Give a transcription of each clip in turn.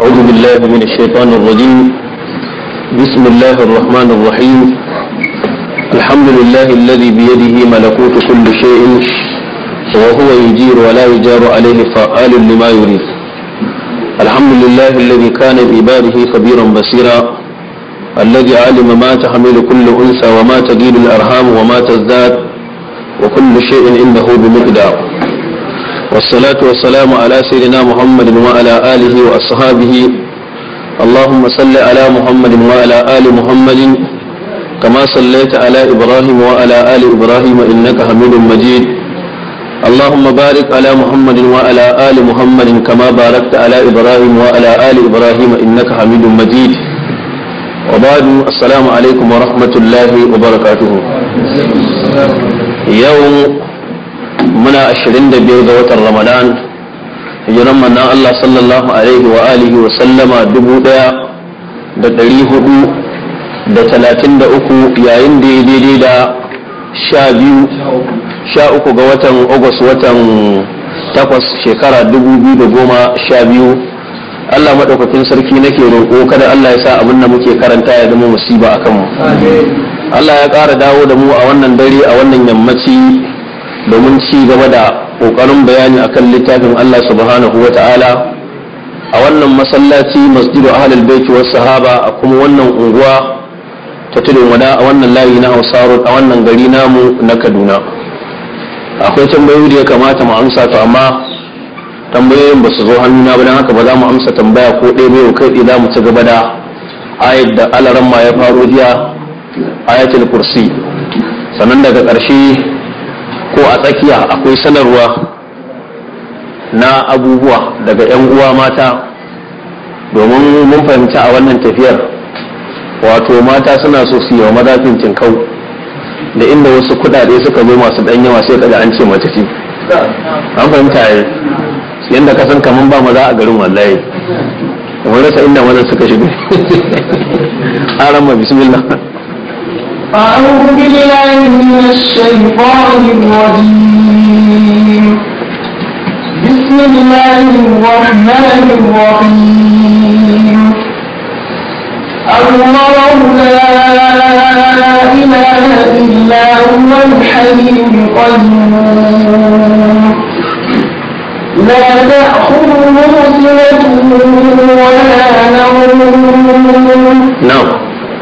أعوذ بالله من الشيطان الرجيم بسم الله الرحمن الرحيم الحمد لله الذي بيده ملكوت كل شيء وهو يجير ولا يجار عليه فعال لما يريد الحمد لله الذي كان بعباده خبيرا بصيرا الذي علم ما تحمل كل أنثى وما تجيب الأرحام وما تزداد وكل شيء عنده بمقدار والصلاة والسلام على سيدنا محمد وعلى آله وأصحابه اللهم صل على محمد وعلى آل محمد كما صليت على إبراهيم وعلى آل إبراهيم إنك حميد مجيد اللهم بارك على محمد وعلى آل محمد كما باركت على إبراهيم وعلى آل إبراهيم إنك حميد مجيد وبعد السلام عليكم ورحمة الله وبركاته يوم muna 25 ga watan ramadan hijiran mannan Allah sallallahu alaihi wa alihi wa sallama dubu ɗari hudu da talatin da uku yayin da ya daidai da sha biyu sha uku ga watan agus watan takwas shekara dubu biyu da goma sha biyu Allah maɗaukakin sarki nake roƙo kada Allah ya sa abin da muke karanta ya zama musiba a kanmu Allah ya ƙara dawo da mu a wannan dare a wannan yammaci domin ci gaba da ƙoƙarin bayani akan littafin Allah subhanahu wa ta'ala a wannan masallaci masjidu ahlul baiti was sahaba a kuma wannan unguwa ta tudun wada a wannan layi na Hausa a wannan gari namu na Kaduna akwai tambayoyi da ya kamata mu amsa to amma tambayoyin ba su zo hannuna ba don haka ba za mu amsa tambaya ko ɗaya bai kai za mu ci gaba da ayat da alaran ma ya faro jiya ayatul kursi sannan daga ƙarshe ko a tsakiya akwai sanarwa na abubuwa daga 'yan uwa mata domin mun fahimci a wannan tafiyar wato mata suna so su yi wa madafin kau da inda wasu kudade suka zo masu dan yawa sai kaga an ce mace ce an fahimta yi yadda ka san ba maza a garin wallahi kamar rasa inda wannan suka shiga aran bismillah أعوذ بالله من الشيطان الرجيم بسم الله الرحمن الرحيم الله لا إله إلا هو الحي القيوم لا تأخذه سنة ولا نوم نعم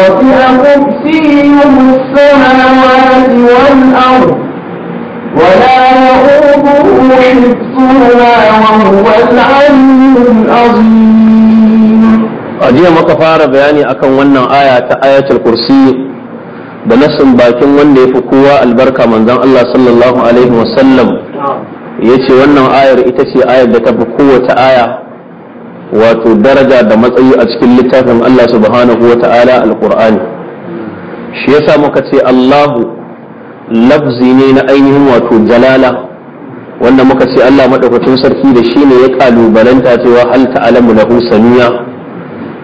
وسع كرسيه السماوات والأرض ولا يؤوده حفظهما وهو العلي العظيم أجي مكفار بياني أكن ونن آية آية الكرسي da nasin bakin wanda ya fi kowa albarka manzon Allah sallallahu alaihi wasallam ya ce wannan ayar ita ce ayar da ta fi kowace aya wato daraja da matsayi a cikin littafin Allah subhanahu wa ta'ala alqur'ani shi yasa muka ce Allahu lafzi ne na ainihin wato jalala wanda muka ce Allah madaukakin sarki da shi ne ya kalubalanta cewa hal ta'lamu lahu samiya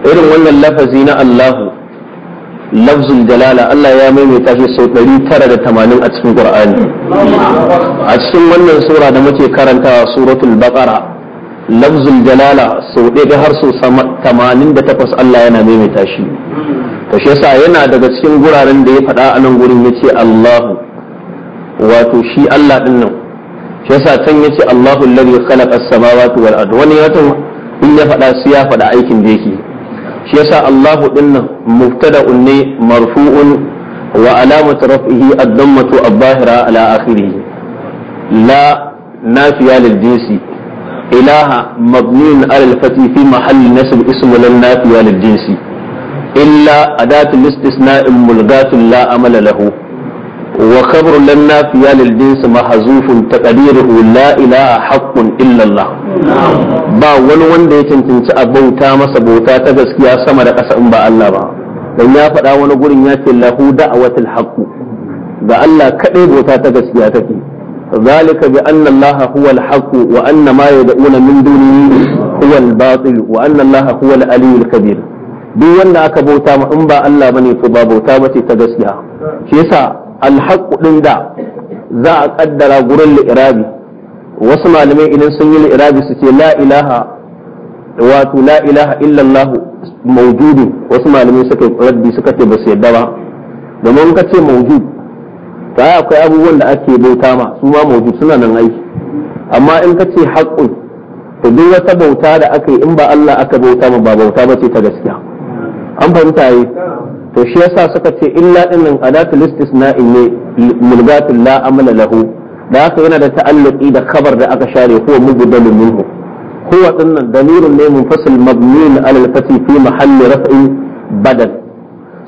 irin wannan lafazi na Allahu lafzul jalala Allah ya maimaita shi sau 980 a cikin Qur'ani a cikin wannan sura da muke karantawa suratul baqara lafzul jalala sau ɗaya har sau tamanin da takwas Allah yana maimaita shi ta shi yasa yana daga cikin guraren da ya faɗa a nan gurin ya ce Allahu wato shi Allah ɗin nan shi yasa can ya ce Allahu alladhi khalaqa as-samawati wal ard wani ya in ya faɗa su ya faɗa aikin da yake shi yasa Allahu ɗin nan mubtada'un ne marfu'un وعلامة رفعه الضمة الظاهرة على آخره لا نافية للجنس إله مبني على الفتح في محل نسب اسم للنافية للجنس إلا أداة الاستثناء ملغاة لا أمل له وخبر للنافية للجنس محذوف تقديره لا إله حق إلا الله با wani wanda ya cancanci a bauta masa bota ta gaskiya sama da ƙasa in ba Allah ba dan ya faɗa wani gurin ya ce lahu da'awatul haqq ga Allah kaɗai bota ta gaskiya ذلك بأن الله هو الحق وأن ما يدعون من دونه هو الباطل وأن الله هو العلي الكبير duk wanda aka bauta ma in ba Allah bane to ba bauta bace ta gaskiya shi yasa alhaq din da za a kaddara gurin li'irabi wasu malamai idan sun yi li'irabi su ce la ilaha wato la ilaha wasu malamai suka ce ba su ba domin ta akwai abubuwan da ake bauta ma su ma mawjud suna nan aiki amma in ka ce haƙƙun to duk wata bauta da aka yi in ba Allah aka bauta ma ba bauta ba ce ta gaskiya an fahimta yi to shi yasa suka ce illa dinnan adatul istisna'i ne mulgatul la amala lahu da haka yana da ta'alluqi da khabar da aka share huwa mubdalun minhu huwa dinnan damirun ne munfasil mabniun ala al-fati fi mahalli raf'in badal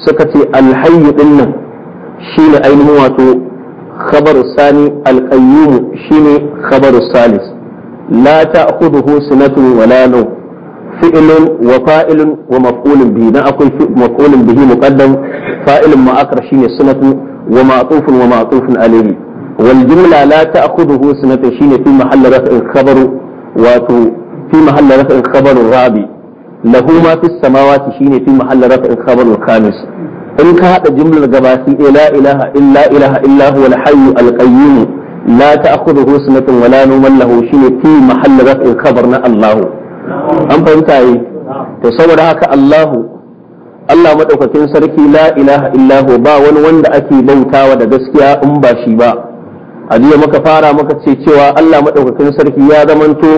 suka ce dinnan shine ainihin wato khabaru sani alqayyum shine khabaru salis la ta'khudhuhu sinatun wala nawm fi'lun wa fa'ilun wa maf'ulun bihi na akwai maf'ulun bihi muqaddam fa'ilun ma'akar shine sinatun wa ma'tufun wa ma'tufun alayhi wal jumla la ta'khudhuhu sinatun shine fi mahalli raf'in khabaru wato fi mahalli raf'in khabaru rabi lahu ma fi samawati shine fi mahalli raf'in khabaru khamis in ka hada jimlar gabaki la ilaha illa ilaha illa huwa al-hayy al-qayyum la ta'khudhuhu sinatun wa la nawm lahu shine fi mahall raf'il khabar na Allah an fahimta yi to saboda haka Allah Allah madaukakin sarki la ilaha illa ba wani wanda ake bautawa da gaskiya in ba shi ba a jiya muka fara muka ce cewa Allah madaukakin sarki ya zamanto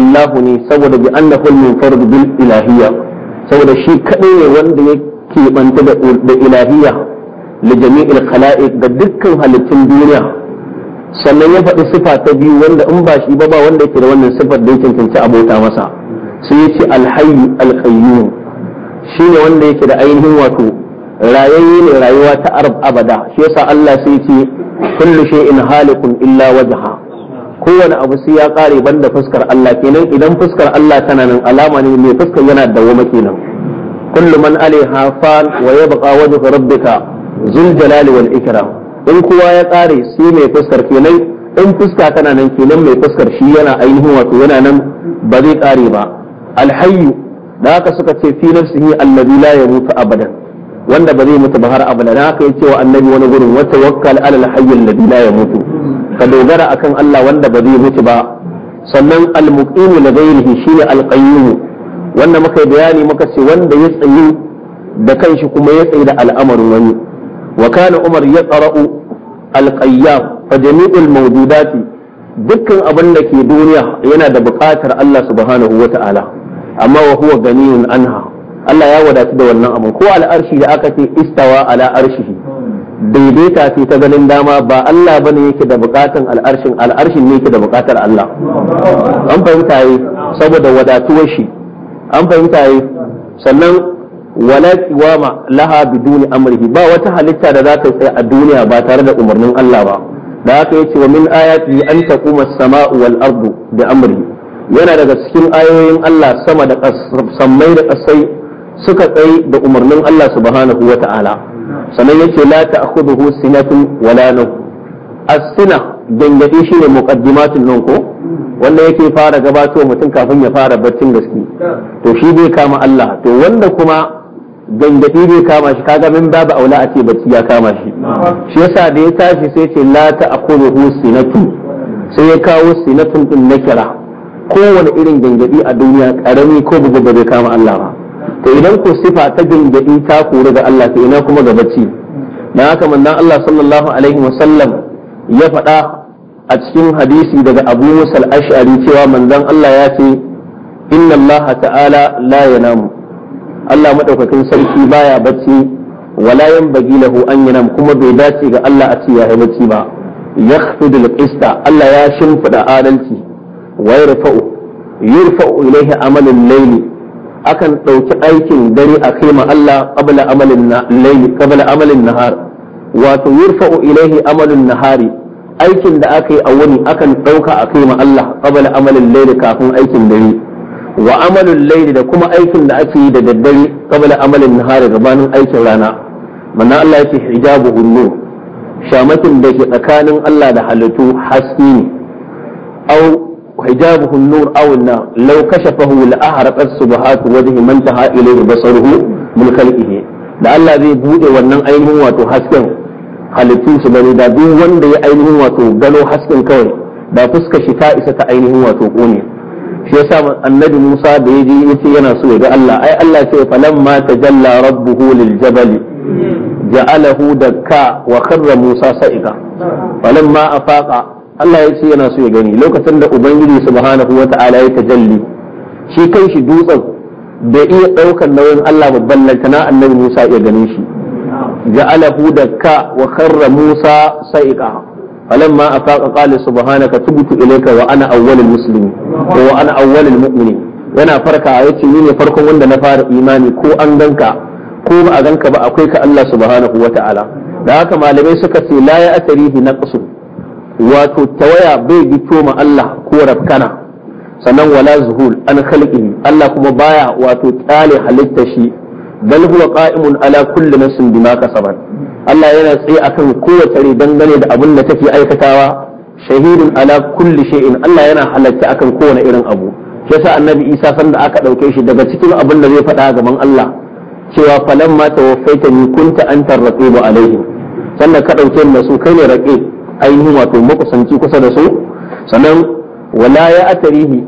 Allahu ne saboda bi annahu min fard bil ilahiyya saboda shi kadai ne wanda ya keɓanta da ilahiyya da jami'il khala'iq ga dukkan halittun duniya sannan ya faɗi sifa ta biyu wanda in ba shi ba ba wanda yake da wannan sifar da ya cancanci abota masa sai ya ce alhayyu alqayyum shi ne wanda yake da ainihin wato rayayye ne rayuwa ta arab abada shi yasa Allah sai ce kullu shay'in halikun illa wajha kowane abu sai ya kare banda fuskar Allah kenan idan fuskar Allah tana nan alama ne mai fuskar yana dawwama kenan Kulluman man alaiha fan wa yabqa wajhu rabbika zul jalali wal ikram in kowa ya tsare sai mai fuskar kenan in fuska tana nan kenan mai fuskar shi yana ainihin wato yana nan ba zai kare ba alhayyu da haka suka ce fi nafsihi alladhi la yamutu abadan wanda ba zai mutu ba har abada da haka yace wa annabi wani gurin wa wakal ala alhayy ya mutu. ka dogara akan Allah wanda ba zai mutu ba sannan almuqimu la ghayrihi shine alqayyim wanda muka yi bayani muka ce wanda ya tsayi da kanshi kuma ya tsayi da al'amarin wani wa kana umar ya tsara'u alqayyam fa jami'ul mawjudati dukkan abin da ke duniya yana da buƙatar Allah subhanahu wata'ala amma wa huwa ganiyun anha Allah ya wadatu da wannan abin ko al'arshi da aka ce istawa ala arshihi daidaita ce ta ganin dama ba Allah bane yake da buƙatar al'arshin al'arshin ne yake da bukatar Allah an fahimta yi saboda wadatuwar shi an fahimta yi sannan wala ma laha biduni amrihi ba wata halitta da za ta tsaya a duniya ba tare da umarnin Allah ba da haka yace wa min ayati an taquma as-sama'u wal ardu bi yana daga cikin ayoyin Allah sama da sammai da kasai suka tsaye da umarnin Allah subhanahu wa ta'ala sannan yace la ta'khudhuhu sinatun wala nawm as Sinah. gangaɗi shi ne muƙaddimatin nan ko wanda yake fara gabato mutum kafin ya fara barcin gaske to shi bai kama Allah to wanda kuma gangaɗi bai kama shi kaga min babu aula a ce bacci ya kama shi shi yasa da ya tashi sai ce la ta'khudhu sinatu sai ya kawo sinatun din nakira kowane irin gangaɗi a duniya karami ko bugu ba zai kama Allah ba to idan ko sifa ta gangaɗi ta kori ga Allah to ina kuma ga bacci Na haka manzon Allah sallallahu alaihi wasallam ya faɗa a cikin hadisi daga abu musal ash'ari cewa manzon Allah ya ce inna Allah ta'ala la yanamu Allah maɗaukacin sarki baya bacci wala yanbaghi lahu an yanam kuma bai dace ga Allah a ce ya yi bacci ba yakhfidu al-qista Allah ya shimfiɗa adalci wa yarfa'u yurfa'u ilayhi amalin laili. akan ɗauki aikin dare a kai ma Allah qabla amalin layli qabla amalin nahar wato yurfa'u ilaihi amalun nahari aikin da aka yi a wuni akan ɗauka a kai ma Allah qabla amalin laili kafin aikin dare wa amalin laili da kuma aikin da ake yi da daddare qabla amalin nahari gabanin aikin rana manna Allah ya ce hijabu hunnu shamakin da ke tsakanin Allah da halittu haske ne au حجابه النور أو النار لو كشفه لأحرقت سبحات وجه من تها إليه بصره من خلقه da Allah zai bude wannan ainihin wato hasken halittu su gani da duk wanda ya ainihin wato gano hasken kawai da fuska shi ta isa ta ainihin wato kone shi yasa annabi Musa da ya je yace yana so ya ga Allah ai Allah ce ta tajalla rabbuhu lil jabal ja'alahu dakka wa kharra Musa sa'ika ma afaqa Allah ya ce yana so ya gani lokacin da ubangiji subhanahu wata'ala ya tajalli shi kanshi dutsen bai iya ɗaukar nauyin Allah babban lantana annabi Musa iya gane shi ja'alahu dakka wa kharra Musa sa'iqa falamma afaqa qala subhanaka tubtu ilayka wa ana awwalul muslimin wa ana awwalul mu'minin yana farka yace ni ne farkon wanda na fara imani ko an ganka ko ba a ganka ba akwai ka Allah subhanahu wa ta'ala da haka malamai suka ce la ya atarihi naqsu wato tawaya bai bito ma Allah ko rafkana sannan wala zuhul an khalqihi Allah kuma baya wato tsale halitta shi bal huwa qa'imun ala kulli nafsin bima kasabat Allah yana tsaye akan kowace rai dangane da abin da take aikatawa shahidun ala kulli shay'in Allah yana halatta akan kowane irin abu yasa annabi Isa sanda aka dauke shi daga cikin abin da zai faɗa gaban Allah cewa falamma tawaffaita ni kunta antar raqibu alaihim sannan ka dauke ni da su kai ne raqib ainihin wato makusanci kusa da su sannan wala ya atarihi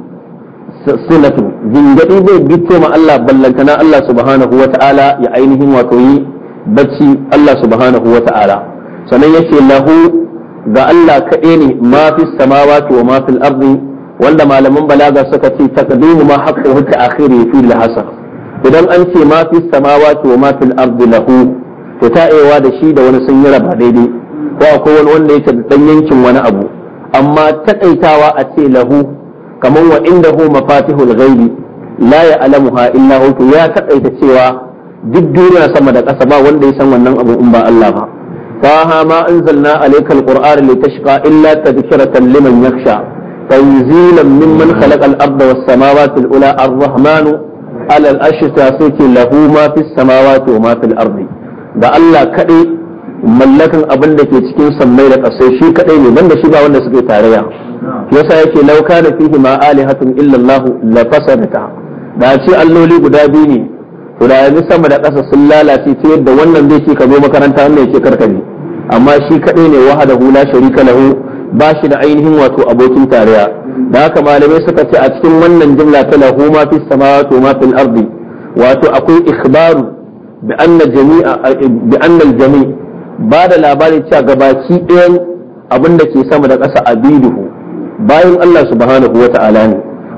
sunatu jingadi bai bito ma Allah ballantana Allah subhanahu wa ta'ala ya ainihin wato yi bacci Allah subhanahu wa ta'ala sannan yake lahu ga Allah kaɗai ne ma fi samawati wa ma fil ardi wanda malaman balaga suka ce taqdimu ma haqqu ta akhiri fi al-hasar idan an ce ma fi samawati wa ma fil ardi lahu to ta'ewa da shi da wani sun yi raba daidai ko akwai wani wanda yake da dan yankin wani abu amma taƙaitawa a ce lahu kamar wa inda hu mafatihul ghaibi la ya alamuha illa hu ya taƙaita cewa duk duniya sama da ƙasa ba wanda ya san wannan abu in ba Allah ba fa ha ma anzalna alaykal qur'ana litashqa illa tadhkiratan liman yakhsha tanzilan mimman khalaqa al-ardha was-samawati al-ula ar-rahmanu ala al-ashta sai ce lahu ma fis-samawati wa ma fil-ardi da Allah kaɗai. mallakan abin da ke cikin sammai da ƙasai shi kaɗai ne banda shi ba wanda suke tarayya yasa yake lauka da fihi ma alihatun illallahu la fasadata da ce alloli guda biyu ne to da sama da ƙasa sun lalace ta yadda wannan zai ce ka zo makaranta wannan yake karkabi amma shi kaɗai ne wahada hula sharika lahu ba shi da ainihin wato abokin tarayya da haka malamai suka ce a cikin wannan jumla ta lahu ma fis samawati ma fil ardi wato akwai ikhbaru bi anna jami'a bi anna al-jami' ba da labari cewa gabaki ɗayan abin da ke sama da ƙasa abiduhu bayan Allah subhanahu wa ta'ala ne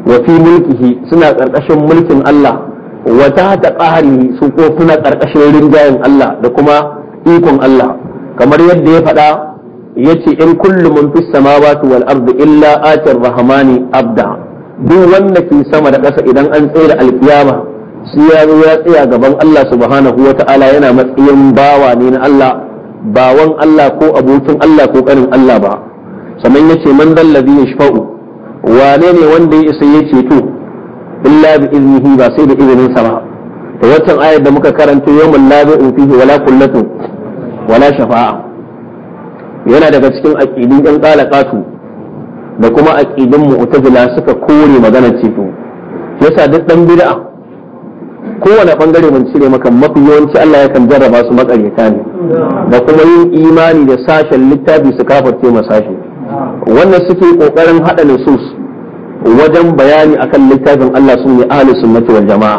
wa fi mulkihi suna ƙarƙashin mulkin Allah wa ta ta ƙahari su ko suna ƙarƙashin rinjayen Allah da kuma ikon Allah kamar yadda ya faɗa ya ce in kullum mun fi samawati wal ardi illa atir rahmani abda duk wanda ke sama da ƙasa idan an tsere alkiyama sai ya zo ya tsaya gaban Allah subhanahu wa ta'ala yana matsayin bawa ne na Allah bawan Allah ko abokin Allah ko ƙarin Allah ba sannan yace man dallazi yashfa'u wane ne wanda ya isa ya ceto illa bi iznihi ba sai da izinin sa ba Da wancan ayar da muka karanto yawmul in fihi wala kullatu wala shafa'a yana daga cikin aqidin ɗan qalaqatu da kuma mu mu'tazila suka kore magana ceto yasa duk dan bid'a kowane bangare mun cire maka mafi yawanci Allah yakan jarraba su makaryata ne da kuma yin imani da sashen littafi su kafarce ma sashen wannan suke kokarin hada nusus wajen bayani akan littafin Allah sunne ahli sunnati wal jama'a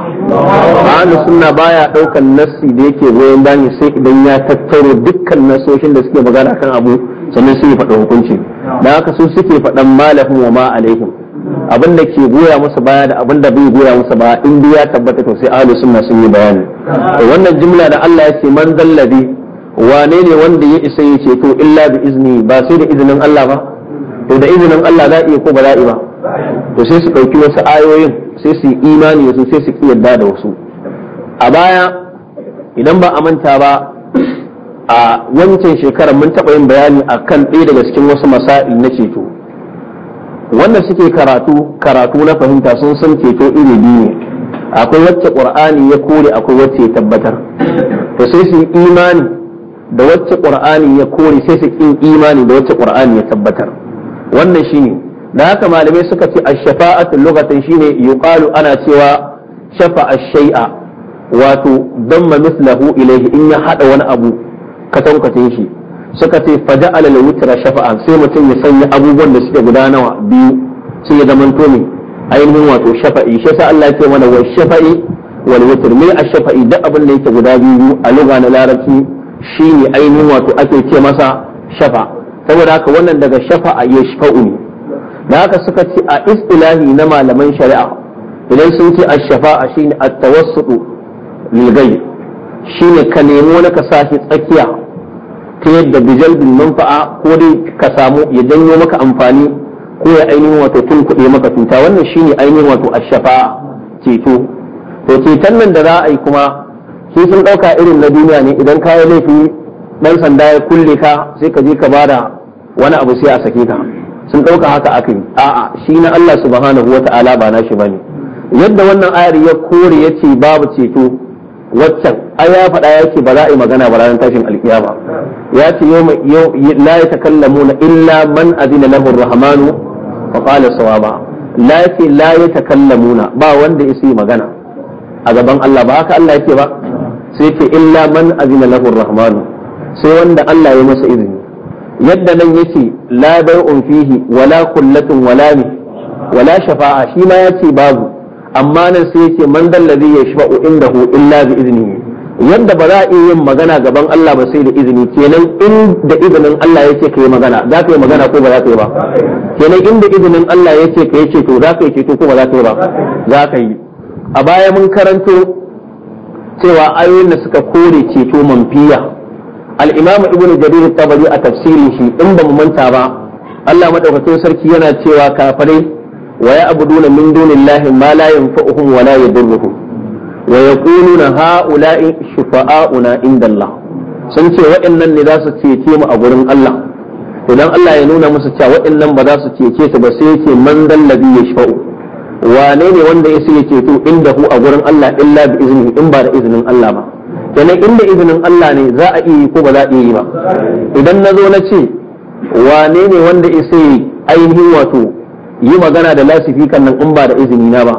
ahli sunna baya daukan nassi da yake goyon bayan sai idan ya tattaro dukkan nasoshin da suke magana akan abu sannan sai ya faɗa hukunci da haka su suke faɗan malahum wa ma alaihim abin da ke goya masa baya da abin da bai goya masa baya in ya tabbata to sai ahli sunna sun yi bayani wannan jumla da Allah ya ce man zalladi wane ne wanda ya isa ya ceto illa bi izini ba sai da izinin Allah ba to da izinin Allah za a iya ko ba za ba to sai su ɗauki wasu ayoyin sai su imani wasu sai su yarda da wasu a baya idan ba a manta ba a wancan shekarar mun taɓa yin bayani a kan ɗaya daga cikin wasu masa'il na ceto wanda suke karatu karatu na fahimta sun san ceto iri biyu ne akwai wacce ƙur'ani ya kore akwai wacce ya tabbatar to sai su imani da wacce qur'ani ya kore sai su kin imani da wacce qur'ani ya tabbatar wannan shine da haka malamai suka ce ash-shafa'atu lughatan shine yuqalu ana cewa shafa'a shay'a wato damma mislahu ilayhi in ya hada wani abu katankatin shi suka ce faja'ala al-witra shafa'a, sai mutum ya sanya abubuwan da suke guda nawa biyu sai ya zamanto ne ainihin wato shafa'i shi sa Allah ya mana wa shafa'i wal witr me ash-shafa'i duk abin da yake guda biyu a lugha na larabci shi ne ainihin wato ake ce masa shafa saboda haka wannan daga shafa a ya shafa'u ne da haka suka ce a istilahi na malaman shari'a idan sun ce a shafa'a shi ne a tawassudu lilgai shi ne ka nemi wani ka sa shi tsakiya ta yadda bin manfa'a ko dai ka samu ya janyo maka amfani ko ya ainihin wato tun kuɗe maka cuta wannan shi ne ainihin wato a shafa'a ceto to ceton nan da za a yi kuma shi sun ɗauka irin na duniya ne idan ka yi laifi ɗan sanda ya kulle ka sai ka je ka da wani abu sai a sake ka sun ɗauka haka aka yi a'a shi na Allah subhanahu wa ta'ala ba na shi ba ne yadda wannan ayar ya kore ya ce babu ceto waccan ai ya faɗa ya ce ba za a yi magana ba ranar tashin alkiyama ya ce yau la na illa man azina lahu rahmanu fa qala sawaba la ya la yatakallamuna ba wanda ya yi magana a gaban Allah ba haka Allah yake ba sai ce illa man azina lahu rahmanu sai wanda Allah ya masa izini yadda nan yake la bai'un fihi wala kullatun wala ni wala shafa'a shi ma yace babu amma nan sai yake man ladhi yashba'u indahu illa bi iznihi yadda ba za a iya yin magana gaban Allah ba sai da izini kenan in da izinin Allah ya ce ka yi magana za ka yi magana ko ba za ka yi ba kenan in da izinin Allah ya ce ka yi ceto za ka yi ceto ko ba za ka yi ba za ka yi a baya mun karanto cewa ayoyin da suka kore ceto manfiya al-imam ibnu jarir tabari a tafsirin shi in ba mu manta ba Allah madaukakin sarki yana cewa kafirai wa ya'buduna min dunillahi ma la yanfa'uhum wa la yadurruhum wa yaquluna ha'ula'i shufa'auna indallah sun ce waɗannan ne za su cece mu a gurin Allah idan Allah ya nuna musu cewa waɗannan ba za su cece su ba sai yake man dallabi ya wane ne wanda ya sai ceto inda hu a gurin Allah illa bi izini in ba da izinin Allah ba kenan inda izinin Allah ne za a iya ko ba za a iya ba idan na zo na ce wane ne wanda ya sai ainihin wato yi magana da lasifi kan in ba da izini na ba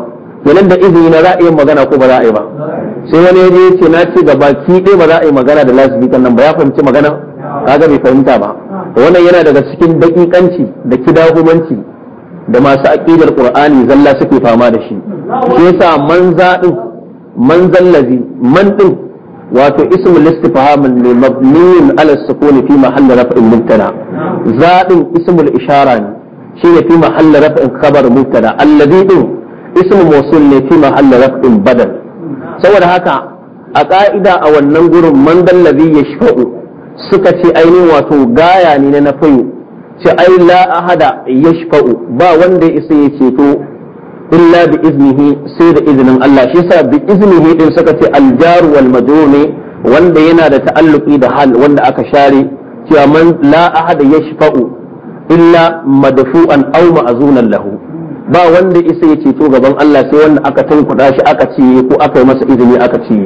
kenan da izini na za a yi magana ko ba za a yi ba sai wani ya ce na ce ga baki ɗaya ba za a yi magana da lasifi kan nan ba ya fahimci magana kaga bai fahimta ba wannan yana daga cikin dakikanci da kidahumanci da masu aƙidar qur'ani zalla suke fama da shi shi yasa man zaɗin, man zallazi, man ɗin, wato ismul istifham ne mabniun ala sukun fi mahall raf'in mubtada Zaɗin ismul ishara ne shi ne fi mahall raf'in khabar mubtada alladhi ɗin, ismu mawsul ne fi mahall raf'in badal saboda haka a ka'ida a wannan gurin man dallazi yashfa'u suka ce ainihin wato gaya ne na nafayu ce ai la ahada yashfa'u ba wanda isa ya ceto illa bi iznihi sai da izinin Allah shi yasa bi iznihi din suka ce jar wal wanda yana da ta'alluqi da hal wanda aka share cewa man la ahada yashfa'u illa madfu'an aw ma'zunan lahu ba wanda isa ya ceto gaban Allah sai wanda aka tunkuda shi aka ce ko aka yi masa izini aka ce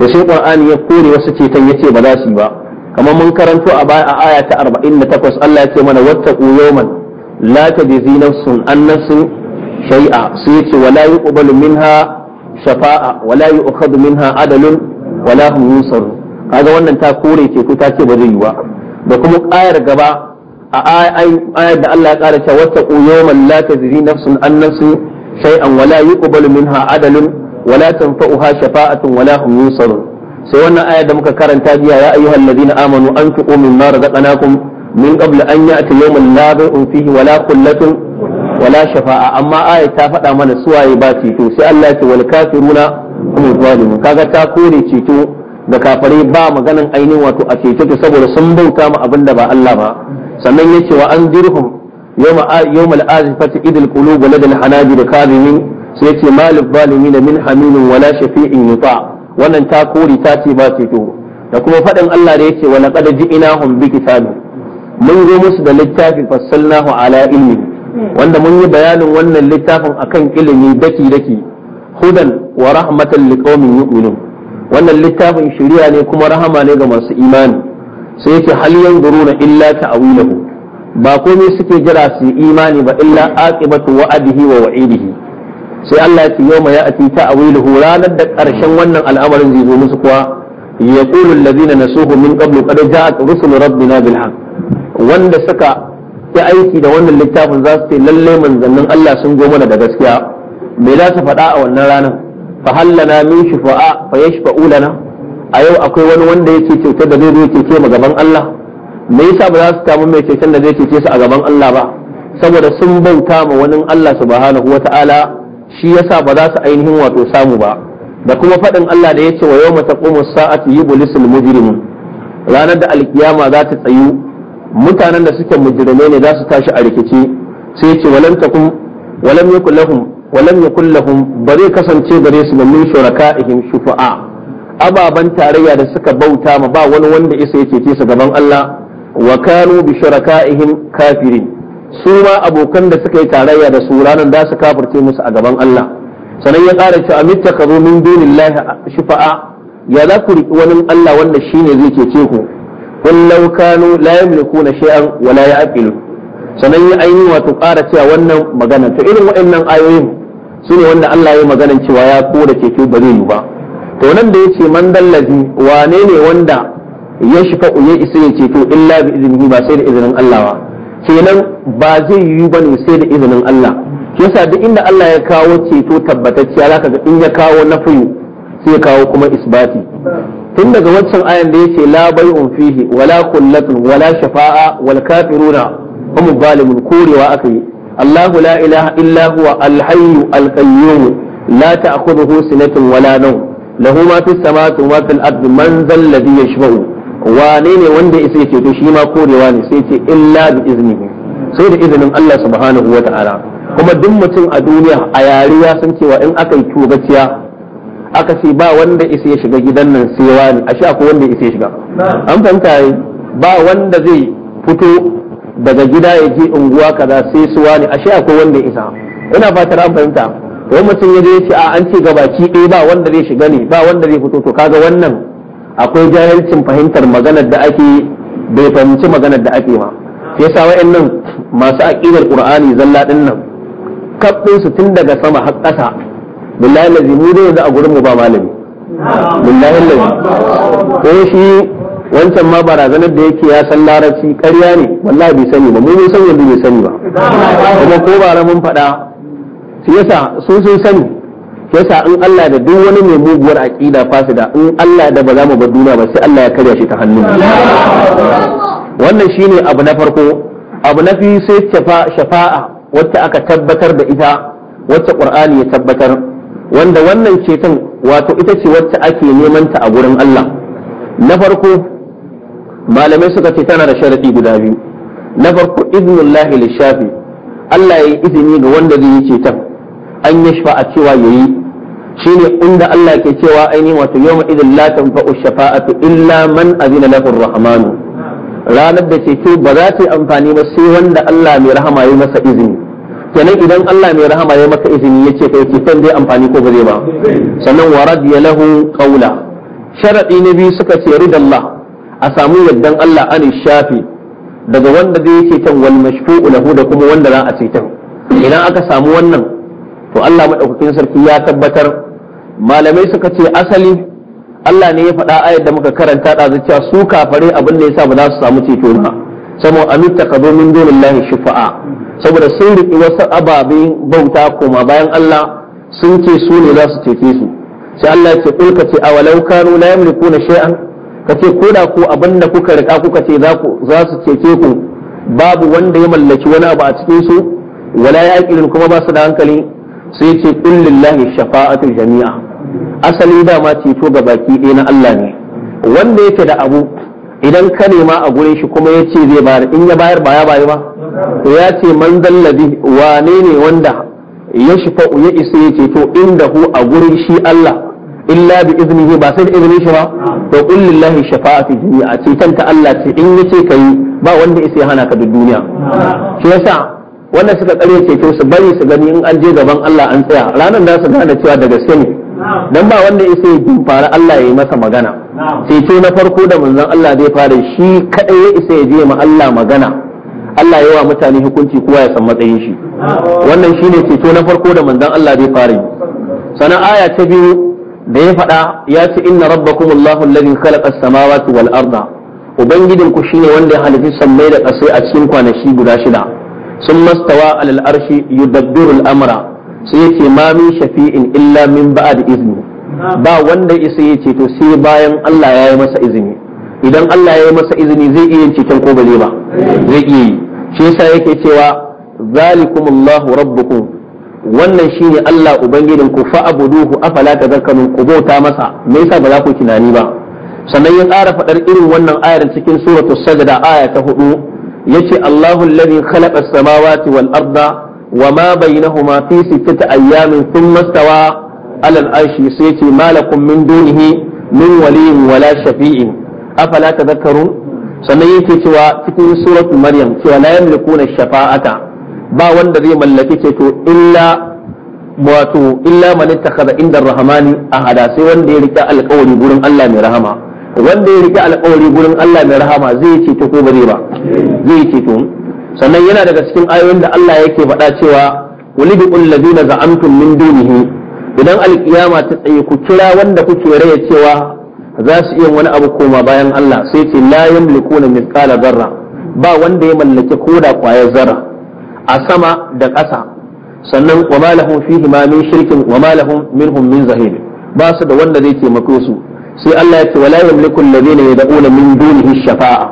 to sai qur'ani ya kore wasu ceton yace ba za su yi ba kamar mun karanto a baya a aya ta 48 Allah ya ce mana wattaqu yawman la tajzi nafsun an nafsin shay'a sai yace wala yuqbalu minha shafa'a wala yu'khadhu minha adalun wala hum yunsaru kaga wannan ta kore ce ko ta ce ba zai yi ba da kuma ƙayar gaba a ayar da Allah ya kara cewa wattaqu yawman la tajzi nafsun an nafsin shay'an wala yuqbalu minha adalun wala tanfa'uha shafa'atun wala hum yunsarun sai wannan aya da muka karanta jiya ya ayyuhal ladina amanu anfiqu mimma razaqnakum min qabl an ya'ti yawman la bai'un fihi wala qullatun wala shafa'a amma aya ta faɗa mana suwaye ba cito sai Allah ya ce wal kafiruna hum zalimun kaga ta kore ceto da kafare ba maganan ainihin wato a ceto ta saboda sun bauta ma abinda ba Allah ba sannan yace wa anzirhum yawma yawmal azifati idil qulub ladal hanajir kadhimin sai yace malil zalimin min haminin wala shafi'in yuta' wannan ta kori ta ce ba ceto da kuma faɗin Allah da yake wa laqad ji'nahum bi kitabi mun zo musu da littafi fassalnahu ala ilmi wanda mun yi bayanin wannan littafin akan ilimi daki daki hudan wa rahmatan liqaumin yu'minun wannan littafin shari'a ne kuma rahama ne ga masu imani sai yake hal yanzuruna illa ta'wilahu ba komai suke jira su imani ba illa aqibatu wa'adihi wa wa'idihi sai Allah ya ce yau mai ya'ati ta'awiluhu ranar da ƙarshen wannan al'amarin zai zo musu kuwa na na nasuhu min qablu ja ja'at rusul rabbina na haqq wanda suka yi aiki da wannan littafin za su ce lalle manzannin Allah sun zo mana da gaskiya me za su faɗa a wannan ranar fa hallana min shufa'a fa yashfa'u lana a yau akwai wani wanda yake cutar da zai zo cece mu gaban Allah me yasa ba za su samu mai cecen da zai cece su a gaban Allah ba saboda sun bauta ma wani Allah subhanahu wata'ala shi yasa ba za su ainihin wato samu ba da kuma faɗin Allah da ya ce wa yawma taqumu sa'atu yublisul mujrimun ranar da alkiyama za ta tsayu mutanen da suke mujrimai ne za su tashi a rikici sai ya ce walam takum walam yakul lahum walam yakul lahum bare kasance gare su da min shuraka'ihim shufa'a ababan tarayya da suka bauta ma ba wani wanda isa yake ce su gaban Allah wa kanu bi shuraka'ihim kafirin su ma abokan da suka yi tarayya da su ranar da su kafirce musu a gaban Allah sanan ya ƙara cewa mitta ka zo min dunillahi shifa'a ya za ku riƙi wani Allah wanda ne zai cece ku kun law kanu la yamlikuna shay'an wa la ya'qilu sanan ya ainihin wato ƙara cewa wannan magana to irin waɗannan ayoyin su ne wanda Allah ya maganan cewa ya kora ceto ba zai yi ba to nan da ce man dallazi wane ne wanda ya shifa ya isa ya ceto illa bi izini ba sai da izinin Allah ba kenan ba zai yiwu bane sai da izinin Allah yasa duk inda Allah ya kawo ceto tabbatacciya zaka ga in ya kawo nafiyu sai ya kawo kuma isbati tun daga waccan ayan da ce la bai'un fihi wala kullatun wala shafa'a wal kafiruna hum zalimun korewa aka yi Allahu la ilaha illa huwa al hayyu al qayyum la ta'khudhuhu sinatun wala nawm lahu ma fis samawati wa fil ardi man zal ladhi yashfa'u wane ne wanda isa ya ceto shi ma korewa ne sai ce illa bi iznihi sai da izinin Allah subhanahu wa ta'ala kuma duk mutum a duniya a yare ya san cewa in aka yi tugaciya aka ce ba wanda isa ya shiga gidan nan sai wani a sha ko wanda isa ya shiga an fahimta ba wanda zai fito daga gida ya je unguwa kaza sai su wani a sha ko wanda isa ina fatar an fahimta to mutum ya je ya ce a an ce gabaki ɗaya ba wanda zai shiga ne ba wanda zai fito to kaga wannan akwai jahilcin fahimtar maganar da ake bai fahimci maganar da ake ba sai sa wa'annan masu aƙidar qur'ani zalla din nan kabbin su tun daga sama har ƙasa billahi lazi mu dai yanzu a gurin mu ba malami billahi lazi ko shi wancan ma barazanar da yake ya san larabci ƙarya ne wallahi bai sani ba mu mun san bai sani ba kuma ko bara mun faɗa shi yasa sun sun sani yasa in Allah da duk wani mai muguwar aqida fasida in Allah da ba za mu bar duniya ba sai Allah ya karya shi ta hannu wannan shine abu na farko abu na biyu sai shafa'a wacce aka tabbatar da ita wacce qur'ani ya tabbatar wanda wannan ceton wato ita ce wacce ake neman ta a gurin Allah na farko malamai suka ce tana da sharadi guda biyu na farko idnullahi lishafi Allah ya yi izini ga wanda zai yi ceton an yi shafa'a cewa yayi shine inda Allah ke cewa ainihin wato yawma idin la tanfa'u shafa'atu illa man azina lahu ar-rahmanu ranar da ceto ba za ta yi amfani ba sai wanda Allah mai rahama ya masa izini kenan idan Allah mai rahama ya maka izini ya ce kai ceton zai amfani ko ba zai ba sannan wa radiya lahu qawla sharadi na biyu suka ce ridallah a samu yaddan Allah an shafi daga wanda zai ce tan wal mashfu'u lahu da kuma wanda za a ceton idan aka samu wannan to Allah madaukakin sarki ya tabbatar malamai suka ce asali Allah ne ya faɗa ayar da muka karanta da cewa su kafare abin da yasa ba za su samu ceto ba saboda ka kadu min dunillahi shufa'a saboda sun riki wasu ababen bauta koma bayan Allah sun ce su ne za su cece su sai Allah ya ce kul ka ce awalau kanu la yamlikuna shay'an ka ko da ku abin kuka rika kuka ce za su cece ku babu wanda ya mallaki wani abu a cikin su wala yaqilun kuma ba su da hankali sai ce qul lillahi shafa'atu jami'a asali dama ceto ga baki ɗaya na Allah ne wanda yake da abu idan ka nema a gurin shi kuma yace zai bayar in ya bayar ya baya ba to ya ce man zallabi wane ne wanda ya shifa ya isa ya ceto inda hu a gurin shi Allah illa bi iznihi ba sai da izinin shi ba to qul lillahi shafa'atu jami'a ceton ta Allah ce in yace kai ba wanda isa ya hana ka duk duniya shi yasa wanda suka tsare ceto su bari su gani in an je gaban Allah an tsaya ranar da su gane cewa daga gaske ne dan ba wanda ya yi bin fara Allah ya yi masa magana ceto na farko da manzon Allah zai fara shi kadai ya isa ya je ma Allah magana Allah ya wa mutane hukunci kowa ya san matsayin shi wannan shine ceto na farko da manzon Allah zai fara sana aya ta biyu da ya faɗa ya ce inna rabbakumullahu alladhi khalaqa as-samawati wal arda ubangijinku shine wanda ya halifi sammai da ƙasai a cikin kwanaki guda shida Sun ثم استوى على العرش يدبر الأمر سيتي ما من illa min ba'a da izini." ba wanda isa ya ceto sai bayan Allah ya yi masa izini idan Allah ya yi masa izini zai iya ceton ko bale ba zai iya yi shi yasa yake cewa zalikumullahu rabbukum wannan shine Allah ubangijin ku fa abuduhu afala tadhakkarun ku bauta masa me yasa ba za ku tunani ba sannan ya ƙara faɗar irin wannan ayar cikin suratul sajda aya ta hudu yace Allahu alladhi khalaqa as-samawati wal arda wa ma bainahuma fi sittati ayyamin thumma stawa ala al-arshi sai yace malakum min dunihi min waliyyin wala shafi'in afala tadhakkarun sannan yake cewa cikin suratul maryam cewa la yamlikuna shafa'ata ba wanda zai mallaki ceto illa wato illa man ittakhadha inda ar-rahmani ahada sai wanda ya rika alƙawari gurin Allah mai rahama wanda ya rike alƙawari gurin Allah mai rahama zai ceto ko ba zai ba zai ceto sannan yana daga cikin ayoyin da Allah yake faɗa cewa walidu alladhina za'amtum min dunihi idan alkiyama ta tsaye ku kira wanda kuke raya cewa za su iya wani abu koma bayan Allah sai ce la yamlikuna mithqala zarra ba wanda ya mallaki koda kwayar zarra a sama da ƙasa sannan wa ma lahum fihi ma min shirkin wa ma minhum min zahir ba su da wanda zai taimake su sai Allah ya ce wala yamliku alladhina yad'una min dunihi shafa'a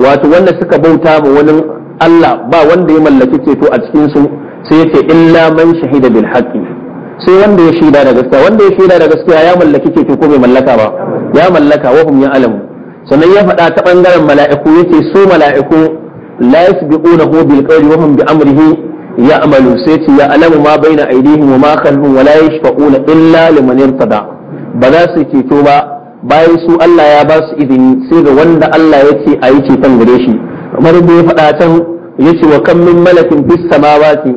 wato wanda suka bauta ma wani Allah ba wanda ya mallaki ceto a cikin su sai yace illa man shahida bil haqqi sai wanda ya shaida da gaskiya wanda ya shaida da gaskiya ya mallaki ceto ko bai mallaka ba ya mallaka wa hum ya'lamu sannan ya faɗa ta bangaren mala'iku yace su mala'iku la yasbiqunahu bil qawli wa hum bi amrihi ya'malu sai yace ya'lamu ma baina aydihim wa ma khalfahum wa la yashfa'una illa liman irtada ba za su ceto ba bayan su Allah ya ba su izini sai ga wanda Allah ya ce a yi ceton gare shi kamar da ya faɗa can ya ce wa kan min malakin fis samawati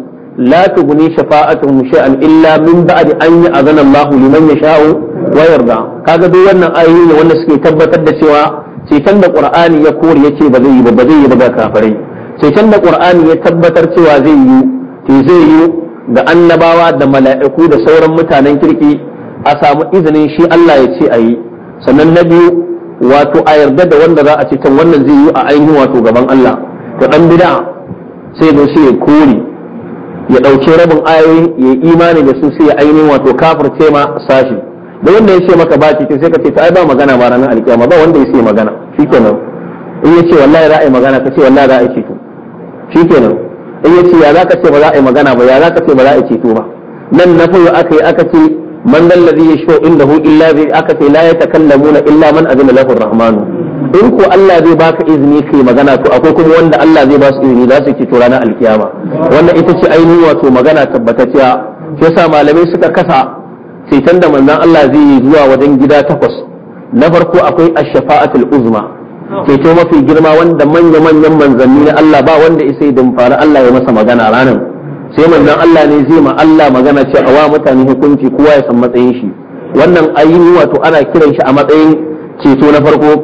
la tughni shafa'atuhum shay'an illa min ba'di an ya'zana Allah liman yasha'u wa yarda kaga duk wannan ayoyi ne wanda suke tabbatar da cewa ceton da Qur'ani ya kore yace ba zai yi ba zai yi ba ga kafirai ceton da Qur'ani ya tabbatar cewa zai yi ke zai yi ga annabawa da mala'iku da sauran mutanen kirki a samu izinin shi Allah ya ce a yi sannan na biyu wato a yarda da wanda za a ce can wannan zai yi a ainihin wato gaban Allah to dan bid'a sai zo shi ya kore ya dauke rabin ayoyi ya yi imani da su sai ya ainihin wato kafirce ma sashi da wanda ya ce maka ba cikin sai ka ce ai ba magana ba ranar alkiyama ba wanda ya ce magana shikenan in ya ce wallahi za a yi magana ka ce wallahi za a yi ceto shikenan in ya ce ya za ka ce ba za a yi magana ba ya za ka ce ba za a yi ceto ba nan na fayo aka yi aka ce man dal ladhi yashfa'u indahu illa bi aka ce la na illa man azina lahu rahmanu in ko Allah zai baka izini kai magana to akwai kuma wanda Allah zai ba su izini za su ci to na alkiyama Wanda ita ce ainihin wato magana tabbatacciya shi sa malamai suka kasa ceton da manzon Allah zai yi zuwa wajen gida takwas na farko akwai ash-shafa'atul uzma ceto mafi girma wanda manya-manyan manzanni na Allah ba wanda isa ya dumfara Allah ya masa magana ranar sai manzon Allah ne zai ma Allah magana ce a wa mutane hukunci kowa ya san matsayin shi wannan ainihi wato ana kiran shi a matsayin ceto na farko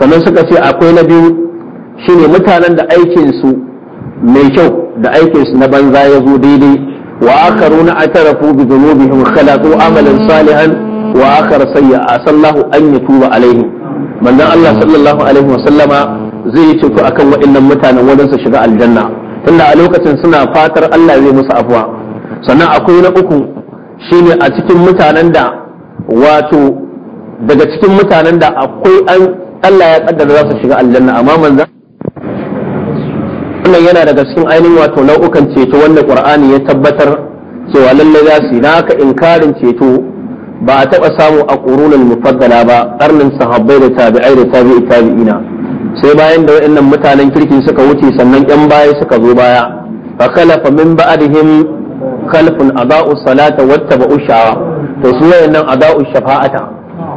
sannan suka ce akwai na biyu shine mutanen da aikin su mai kyau da aikin su na banza ya zo daidai wa akharuna atarafu bi dhunubihim khalaqu amalan salihan wa akhar sayya'a sallahu an yatuba alaihim manzon Allah sallallahu alaihi wa sallama zai ceto akan waɗannan mutanen wadansa shiga aljanna tunda a lokacin suna fatar Allah zai musu afuwa sannan akwai na uku shine a cikin mutanen da wato daga cikin mutanen da akwai an Allah ya kaddara za su shiga aljanna amma manzan wannan yana daga cikin ainihin wato nau'ukan ceto wanda qur'ani ya tabbatar cewa lalle za su na haka inkarin ceto ba a taɓa samu a ƙurunul mufaddala ba ƙarnin sahabbai da tabi'ai da tabi'i tabi'ina sai bayan da waɗannan mutanen kirki suka wuce sannan yan baya suka zo baya fa khalafa min ba'dihim khalfun adau salata wattaba'u shawa to su waɗannan adau shafa'ata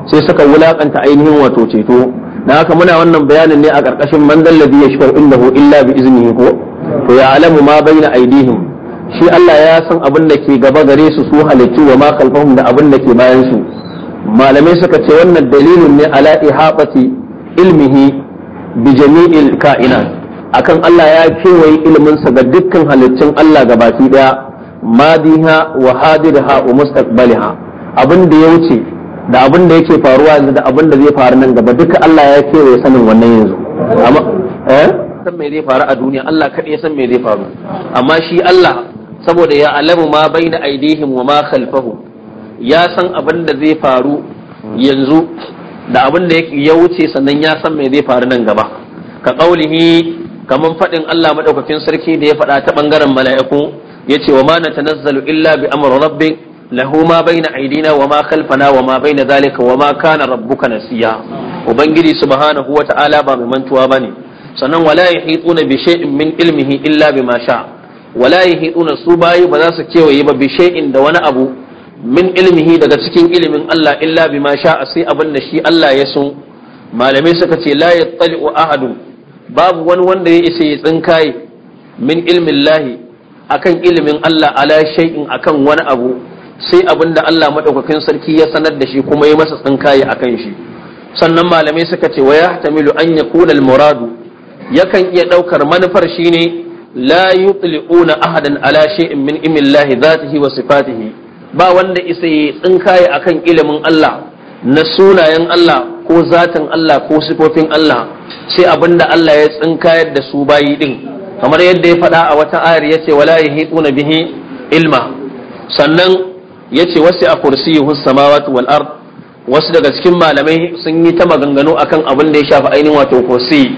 sai suka wulakanta ainihin wato ceto na haka muna wannan bayanin ne a ƙarƙashin manzal ladhi yashfa'u innahu illa bi iznihi ko to alamu ma baina aydihim shi Allah ya san abin da ke gaba gare su su halittu wa ma khalfahum da abin da ke bayan su malamai suka ce wannan dalilin ne ala ihafati ilmihi bi jami'il ka'inat akan Allah ya kewaye iliminsa ga dukkan halittun Allah ga baki daya madiha wa hadirha wa mustaqbaliha abin da ya wuce da abin da yake faruwa yanzu da abin da zai faru nan gaba duka Allah ya kewaye sanin wannan yanzu amma eh san me zai faru a duniya Allah kadai ya san me zai faru amma shi Allah saboda ya alamu ma baina aidihim wa ma khalfahum ya san abin da zai faru yanzu da abin da ya wuce sannan ya san me zai faru nan gaba ka qaulihi kaman fadin Allah madaukakin sarki da ya faɗa ta bangaren mala'iku yace wa ma natanazzalu illa bi amri rabbi? lahu ma baina aydina wa ma khalfana wa ma baina zalika wa ma kana rabbuka nasiya ubangiji subhanahu wa ta'ala ba mai mantuwa bane sannan wala yahituna bi shay'in min ilmihi illa bima sha wala yahituna su bayi ba za su kewaye ba bi shay'in da wani abu min ilmihi daga cikin ilimin Allah illa bima sha'a sai abin da shi Allah ya so malamai suka ce la yattali'u ahadu babu wani wanda ya isa ya tsinkaye min ilmin lahi akan ilimin Allah ala shay'in akan wani abu sai abin da Allah madaukakin sarki ya sanar da shi kuma ya masa tsinkaye akan shi sannan malamai suka ce wa yahtamilu an yakuna al-muradu yakan iya daukar manufar shine la yutli'una ahadan ala shay'in min ilmi Allah zatihi wa sifatihi ba wanda isa ya tsinkaye a kan ilimin Allah na sunayen Allah ko zatin Allah ko sifofin Allah sai abin da Allah ya tsinkayar da su bayi din kamar yadda ya faɗa a wata ayar ya ce wala yahituna bihi ilma sannan ya ce wasu a kursi kursiyuhu samawati wal ard wasu daga cikin malamai sun yi ta maganganu akan abin da ya shafi ainihin wato kursi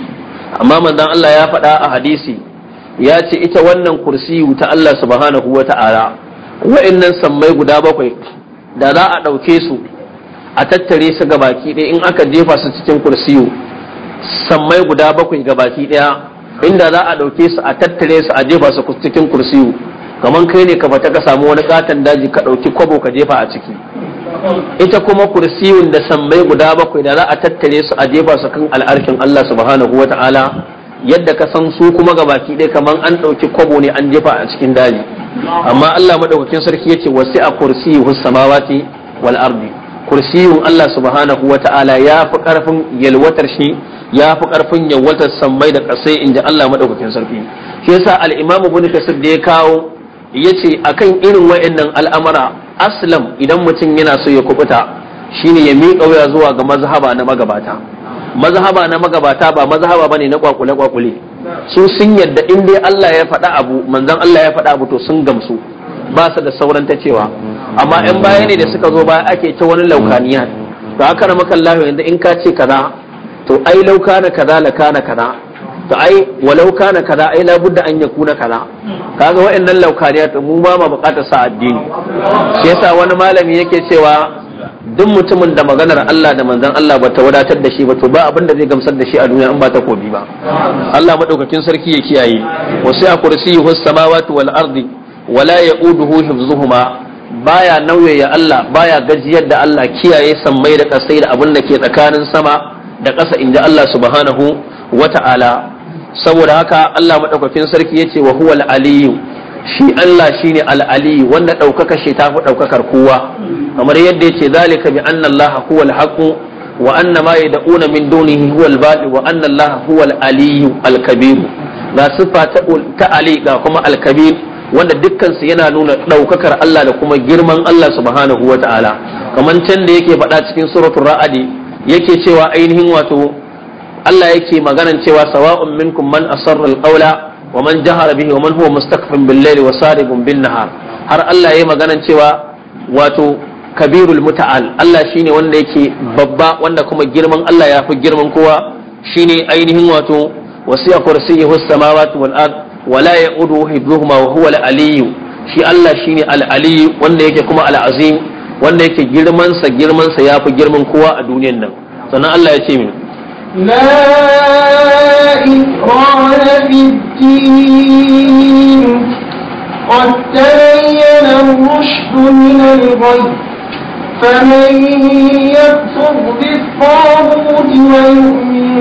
amma manzon Allah ya faɗa a hadisi ya ce ita wannan kursiyu ta Allah subhanahu wa ta'ala wa'annan sammai guda bakwai da za a ɗauke su a tattare su gabaki ɗaya in aka jefa su cikin kursiyo sammai guda bakwai gabaki ɗaya inda za a ɗauke su a tattare su a jefa su cikin kursiyo kamar kai ne ka fata ka samu wani katon daji ka ɗauki kwabo ka jefa a ciki ita kuma kursiyon da sammai guda bakwai da za a tattare su a jefa su kan al'arkin Allah subhanahu wa ta'ala yadda ka san su kuma ga baki ɗaya kamar an ɗauki kwabo ne an jefa a cikin daji amma Allah madaukakin sarki yace wasi'a kursiyuhu samawati wal ardi kursiyun Allah subhanahu wa ta'ala ya fi karfin yalwatar shi ya fi karfin yalwatar sammai da kasai inda Allah madaukakin sarki shi yasa al-imamu ibn kasir da ya kawo yace akan irin wayannan al'amara aslam idan mutum yana so ya kubuta shine ya miƙa wuya zuwa ga mazhaba na magabata mazhaba na magabata ba mazhaba bane na kwakule kwakule su sun yadda in dai Allah ya faɗa abu manzon Allah ya faɗa abu to sun gamsu ba su da sauran ta cewa amma in baya ne da suka zo baya ake ta wani laukaniya to haka na Allah yanzu in ka ce kaza to ai lauka kaza la kana kaza to ai walau kana kaza ai la budda an yakuna kaza kaga wa'annan laukaniya to mu ba ma bukatar sa addini shi yasa wani malami yake cewa duk mutumin da maganar Allah da manzan Allah ba ta wadatar da shi ba to ba abin da zai gamsar da shi a duniya in ba ta kobi ba Allah madaukakin sarki ya kiyaye wasu a kursiyu samawati wal ardi wala yauduhu hifzuhuma baya ya Allah baya gajiyar da Allah kiyaye sammai da kasai da abin da ke tsakanin sama da ƙasa inda Allah subhanahu wata'ala saboda haka Allah madaukakin sarki yace wa huwal aliyyu shi Allah shine al Al'ali wanda ɗaukaka shi tafi ɗaukakar kowa kamar yadda yace zalika bi anna Allah huwa al-haqu wa anna ma yad'una min dunihi huwa al-bali wa anna Allah huwa al-ali al-kabir ga ta ali ga kuma Alkabiru wanda dukkansu yana nuna ɗaukakar Allah da kuma girman Allah subhanahu wa ta'ala kamar can da yake faɗa cikin suratul ra'adi yake cewa ainihin wato Allah yake maganan cewa sawa'un minkum man asarra al-qawla wa man jahara bihi wa man huwa mustaqfin bil layli wa saribun bin nahar har Allah yi magana cewa wato kabirul muta'al Allah shine wanda yake babba wanda kuma girman Allah ya fi girman kowa shine ainihin wato wasiya kursiyyu samawati wal ard wa la ya'udu hibzuhuma wa huwa al shi Allah shine al wanda yake kuma al azim wanda yake girman sa girman sa yafi girman kowa a duniyar nan sannan Allah ya ce mini لا إكراه في الدين قد تبين الرشد من الغي فمن يكفر بالطاغوت ويؤمن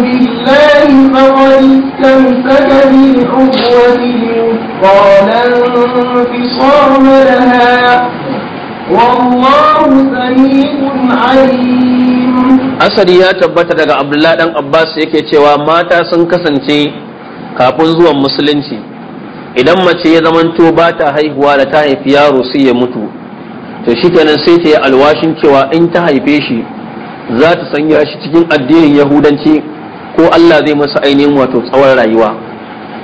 بالله فقد استمسك بالعروة قال لا انفصام لها والله سميع عليم asali ya tabbata daga abdullah dan abbas yake cewa mata sun kasance kafin zuwan musulunci idan mace ya zamanto ba ta haihuwa da ta haifi yaro sai ya mutu to shi kenan sai ta yi alwashin cewa in ta haife shi za ta sanya shi cikin addinin yahudanci ko allah zai masa ainihin wato tsawon rayuwa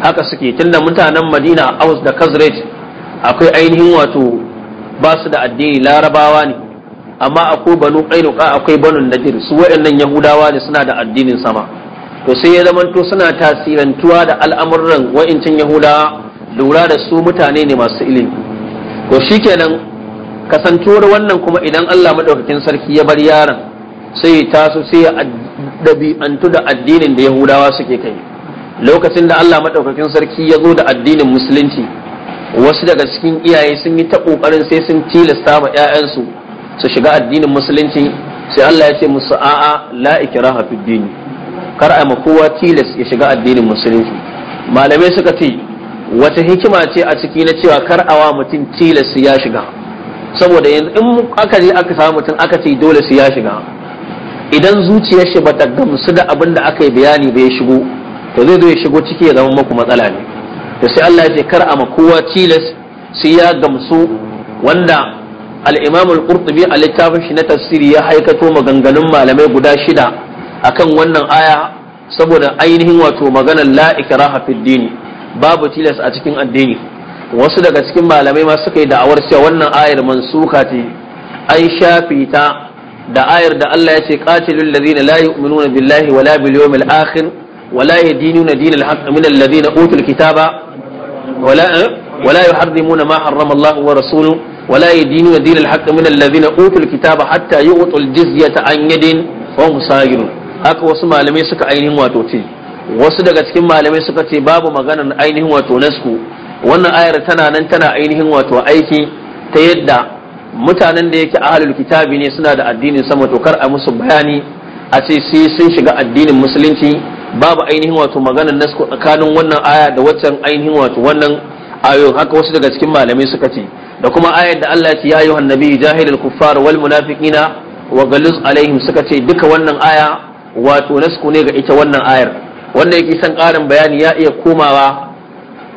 haka suke tunda mutanen madina a aus da kazret akwai ainihin wato ba su da addini larabawa ne amma akwai banu ka akwai banu Najir su wayannan yahudawa ne suna da addinin sama to sai ya zamanto suna tasirantuwa da al'amuran wa'incin yahudawa lura da su mutane ne masu ilimi to shikenan kasantuwar wannan kuma idan Allah madaukakin sarki ya bar yaron sai ya su sai ya dabi'antu da addinin da yahudawa suke kai lokacin da Allah madaukakin sarki ya zo da addinin musulunci wasu daga cikin iyaye sun yi ta kokarin sai sun tilasta ma 'ya'yansu su shiga addinin musulunci sai Allah ya ce musu a'a la ikraha fi dini. kar a kowa tilas ya shiga addinin musulunci malamai suka ce wata hikima ce a ciki na cewa kar a wa mutum tilas ya shiga saboda yanzu in aka je aka samu mutum aka ce dole su ya shiga idan zuciyar shi bata gamsu da abin da aka yi bayani bai shigo to zai zo ya shigo ciki ya zama muku matsala ne to sai Allah ya ce kar a kowa tilas sai ya gamsu wanda al-imam al a littafin shi na tafsiri ya haikato maganganun malamai guda shida akan wannan aya saboda ainihin wato maganar la ikraha dini babu tilas a cikin addini wasu daga cikin malamai ma suka yi da'awar cewa wannan ayar mansuka ce an shafi ta da ayar da Allah ya ce qatilul ladina la yu'minuna billahi wala bil yawmil akhir wala yadinuna dinal haqq min alladhina utul kitaba wala eh, wala yuharrimuna ma harrama Allah wa rasuluhu wala yadinu دين الحق من min اوتوا الكتاب kitaba hatta الجزيه عن يد yadin صاغرون هكا haka wasu malamai suka ainihin wato ce wasu daga cikin malamai suka ce babu maganar ainihin wato nasku wannan ayar tana nan tana ainihin wato aiki ta yadda mutanen da yake ahalul kitabi ne suna da addinin sama to kar a musu bayani a ce sai sun shiga addinin musulunci babu ainihin wato maganar nasku tsakanin wannan aya da waccan ainihin wato wannan ayo haka wasu daga cikin malamai suka ce da kuma ayar da Allah ya ce ya yi annabi jahilul kuffar wal munafiqina wa galuz alaihim suka ce duka wannan aya wato nasku ne ga ita wannan ayar wanda yake son karin bayani ya iya komawa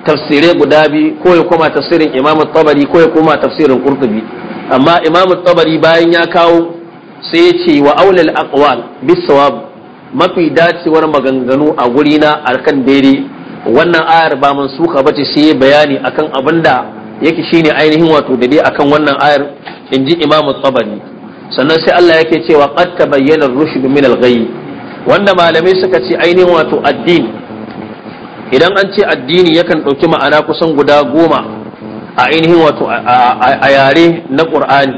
tafsirai guda biyu ko ya koma tafsirin Imam Tabari ko ya koma tafsirin Qurtubi amma Imam Tabari bayan ya kawo sai ya ce wa aulal aqwal bisawab mafi dacewar maganganu a gurina arkan daidai wannan ayar ba mansuka bace sai bayani akan abinda yake shine ainihin wato da dai akan wannan ayar inji imamu tabari sannan sai Allah yake cewa qad tabayyana ar-rushd min al-ghayy wanda malamai suka ce ainihin wato addini idan an ce addini yakan ɗauki ma'ana kusan guda goma a ainihin wato a yare na ƙur'ani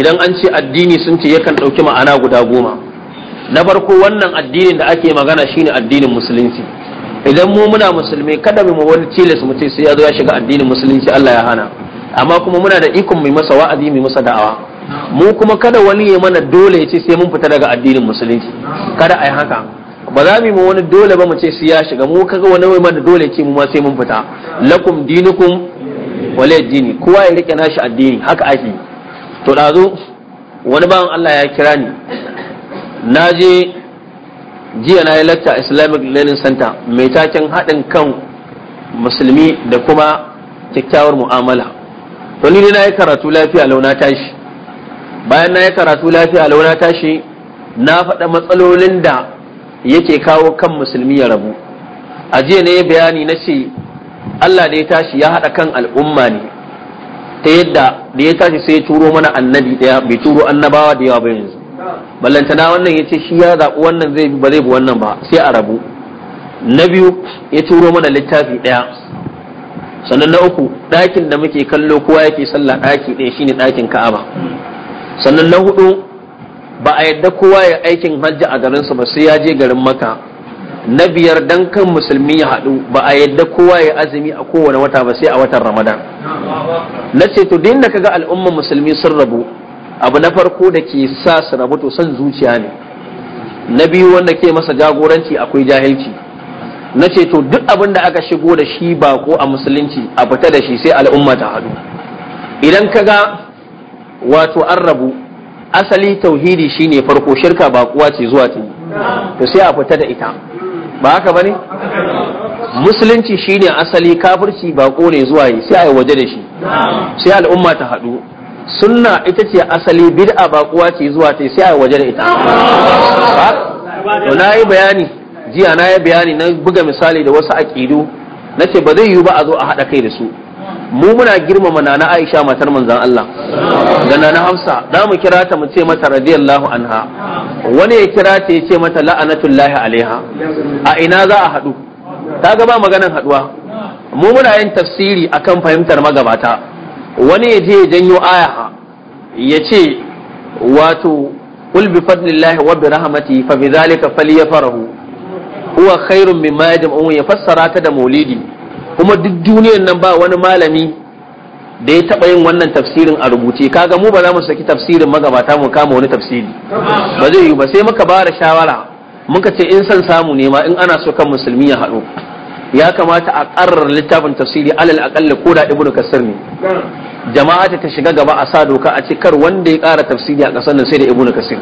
idan an ce addini sun ce yakan ɗauki ma'ana guda goma na farko wannan addinin da ake magana shine addinin musulunci idan mu muna musulmi kada mu wani tilas mutum sai ya zo ya shiga addinin musulunci Allah ya hana amma kuma muna da ikon mai masa wa'azi mai masa da'awa mu kuma kada wani ya mana dole ya ce sai mun fita daga addinin musulunci kada a yi haka ba za mu yi wani dole ba mu ce sai ya shiga mu kaga wani mai mana dole ce mu ma sai mun fita lakum dinukum wala dini kowa ya rike nashi addini haka ake to dazo wani bawan Allah ya kira ni na je jiya na yi lakta islamic learning center mai taken haɗin kan musulmi da kuma kyakkyawar mu'amala to ni na yi karatu lafiya launa tashi bayan na yi karatu lafiya launa tashi na faɗa matsalolin da yake kawo kan musulmi ya rabu a jiya ne bayani na ce allah da ya tashi ya haɗa kan al'umma ne ta yadda da ya tashi sai ya turo mana annabi ɗaya bai turo annabawa da yawa ba yanzu ballantana wannan ya ce shi ya zaɓi wannan zai bi ba zai bi wannan ba sai a rabu na biyu ya turo mana littafi ɗaya sannan na uku ɗakin da muke kallo kowa yake sallah ɗaki ɗaya shine ɗakin ka'aba sannan na hudu ba a yadda kowa ya aikin hajji a garinsa ba sai ya je garin maka na biyar dan kan musulmi ya haɗu ba a yadda kowa ya azumi a kowane wata ba sai a watan ramadan na ce to da kaga al'umman musulmi sun rabu abu na farko da ke sa su rabu to son zuciya ne na biyu wanda ke masa jagoranci akwai jahilci na ce to duk abin da aka shigo da shi bako a musulunci a fita da shi sai al'umma ta haɗu idan ka ga wato an rabu asali tauhidi shine farko shirka bakuwa ce zuwa ta to sai a fita da ita ba haka ba ne musulunci shine asali kafirci bako ne zuwa yi sai a yi waje da shi sai al'umma ta haɗu sunna ita ce asali bid'a ba kuwa ce zuwa ta sai a waje da ita to na yi bayani jiya na yi bayani na buga misali da wasu aƙidu na ce ba zai yiwu ba a zo a haɗa kai da su mu muna girmama nana Aisha matar manzon Allah ga nana Hafsa da mu kira ta mu ce mata radiyallahu anha wani ya kira ta ya ce mata la'anatullahi alaiha a ina za a haɗu ta ga ba maganan haɗuwa mu muna yin tafsiri akan fahimtar magabata wani ya je ya janyo aya ya ce wato Ulbi bi fadlillahi wa bi rahmatihi fa bi zalika falyafrahu huwa khairun mimma yajma'un ya fassara ta da maulidi kuma duk duniyar nan ba wani malami da ya taɓa yin wannan tafsirin a rubuce kaga mu ba za mu saki tafsirin magabata mu kama wani tafsiri ba zai yi ba sai muka bara shawara muka ce in san samu ne ma in ana so kan musulmi ya haɗu ya kamata a ƙarar littafin tafsiri alal aƙalla ko da ibnu kasir ne jama'a ta shiga gaba a sa doka a ce kar wanda ya ƙara tafsiri a ƙasar nan sai da ibnu kasir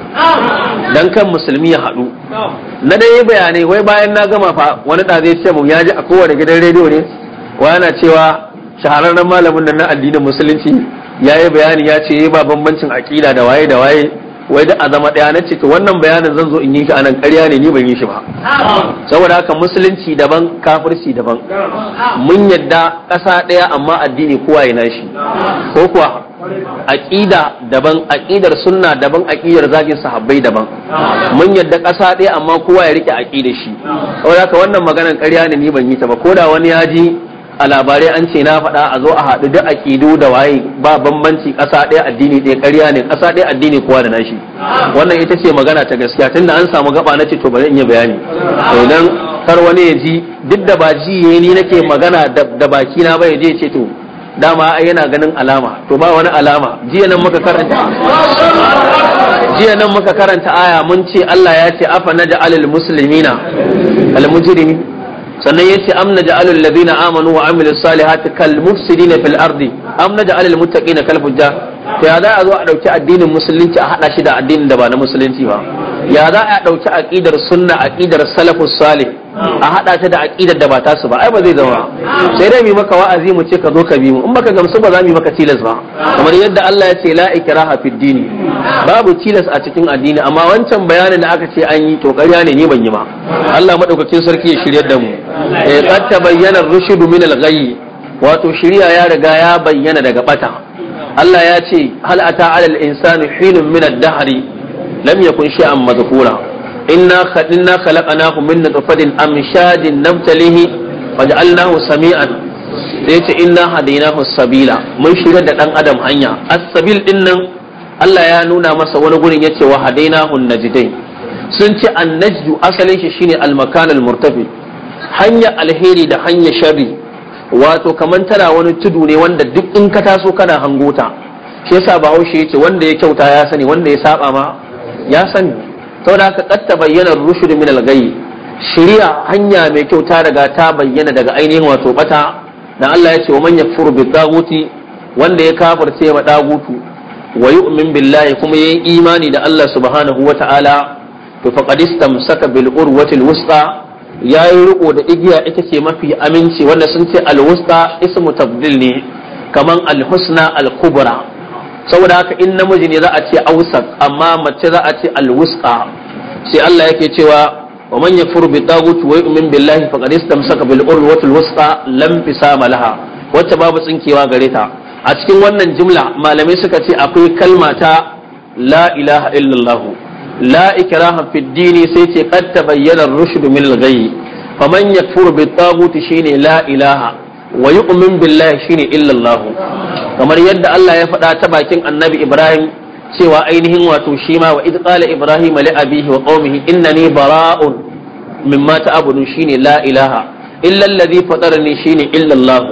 dan kan musulmi ya haɗu na dai bayanai wai bayan na gama fa wani da zai ce mu ya ji a kowane gidan rediyo ne wai yana cewa shahararren malamin nan na addinin musulunci ya yi bayani ya ce ya eh, ba bambancin aƙida da waye da waye wai da a zama ɗaya na ce to wannan bayanin zan zo in yi shi anan ƙarya ne ni ban yi shi ba saboda haka musulunci daban kafirci daban mun yadda ƙasa ɗaya amma addini kowa ya nashi ko kuwa aƙida daban aƙidar sunna daban aqidar zagin sahabbai daban mun yadda ƙasa ɗaya amma kowa ya rike aqidar shi saboda haka wannan maganar ƙarya ne ni ban yi ta ba ko da wani ya ji a labarai an ce na faɗa a zo a haɗu duk aƙidu da waye ba bambanci ƙasa ɗaya addini ɗaya ƙarya ne ƙasa ɗaya addini kowa da nashi wannan ita ce magana ta gaskiya tunda an samu gaba na ce to bari in yi bayani idan kar wani ya ji duk da ba ji ya ni nake magana da baki na ba ya je ce to dama yana ganin alama to ba wani alama jiya nan muka karanta jiya nan muka karanta aya mun ce Allah ya ce afa naj'alul muslimina al mujrimin sannan ya ce amna ja'alul ladina amanu wa amilus salihati kal mufsidina fil ardi amna ja'alul muttaqina kal fujjar ya za a zo a ɗauki addinin musulunci a haɗa shi da addinin da ba na musulunci ba ya za a ɗauki aƙidar sunna aƙidar salafus salih a haɗa ta da aƙidar da ba ta su ba ai ba zai zama sai dai mu maka wa'azi mu ce ka zo ka bi mu in baka gamsu ba za mu maka tilas ba kamar yadda Allah ya ce la ikraha fid dini babu tilas a cikin addini amma wancan bayanin da aka ce an yi to ƙarya ne ne ban yi ba Allah madaukakin sarki ya shirye da mu eh qad tabayyana ar-rushdu min al-ghayy wato shirya ya riga ya bayyana daga bata Allah ya ce hal ata alal insani hilun min ad-dahri lam yakun shay'an madhkura inna khadinna khalaqnahu min nutfatin amshadin nabtalihi allahu sami'an sai ya ce inna hadainahu sabila mun shirya da dan adam hanya as-sabil ɗinnan. Allah ya nuna masa wani gurin yace wa hadaynahu najidai sun ce an-najdu asalin shi shine al-makan al-murtafi hanya alheri da hanya sharri wato kaman tana wani tudu ne wanda duk in ka taso kana hangota shi yasa bahaushe yace wanda ya kyauta ya sani wanda ya saba ma ya sani to da ka katta bayyana rushd min al-ghayy shari'a hanya mai kyauta daga ta bayyana daga ainihin wato bata dan Allah ya ce wa man yakfur bi taguti wanda ya kafirce ma dagutu wa yu'min billahi kuma yayin imani da Allah subhanahu wata'ala to faqad istamsaka bil urwati al-wusta ya yi riko da igiya ita ce mafi aminci wanda sun ce alwusta ismu tabdil ne kaman alhusna alkubra saboda haka in namiji ne za a ce ausak amma mace za a ce alwusta sai Allah yake cewa wa man yafur bi tagut wa yu'min billahi faqad istamsaka bil urwati alwusta lam bisama laha wacce babu tsinkewa gare ta a cikin wannan jimla malamai suka ce akwai kalmata, la ilaha illallah la ikraha fid sai ce katta tabayyana ar-rushd min al-ghayy faman yakfur bit shine la ilaha wa yu'min billahi shine illa kamar yadda Allah ya faɗa ta bakin Annabi Ibrahim cewa ainihin wato shi ma wa idh qala Ibrahim li abihi wa qaumihi innani bara'un mimma ta'budun shine la ilaha illa alladhi fatarani shine illa Allah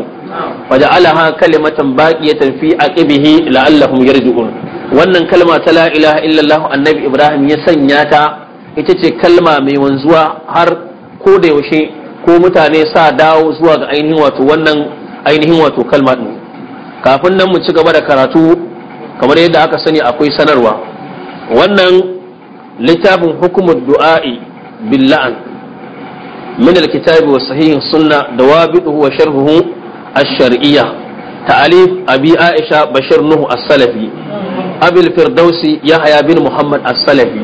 فجعلها كلمة باقية في عقبه لعلهم يرجعون wannan kalma ta la ilaha illallah annabi ibrahim ya sanya ta ita ce kalma mai wanzuwa har ko da yaushe ko mutane sa dawo zuwa ga ainihin wato wannan ainihin wato kalma din kafin nan mu ci gaba da karatu kamar yadda aka sani akwai sanarwa wannan littafin hukumar du'a'i billa'an min alkitab wa sahihin sunna da wabiduhu wa sharhuhu ash-shar'iyya ta'alif abi aisha bashir nuhu as-salafi abil firdausi haya bin muhammad as-salafi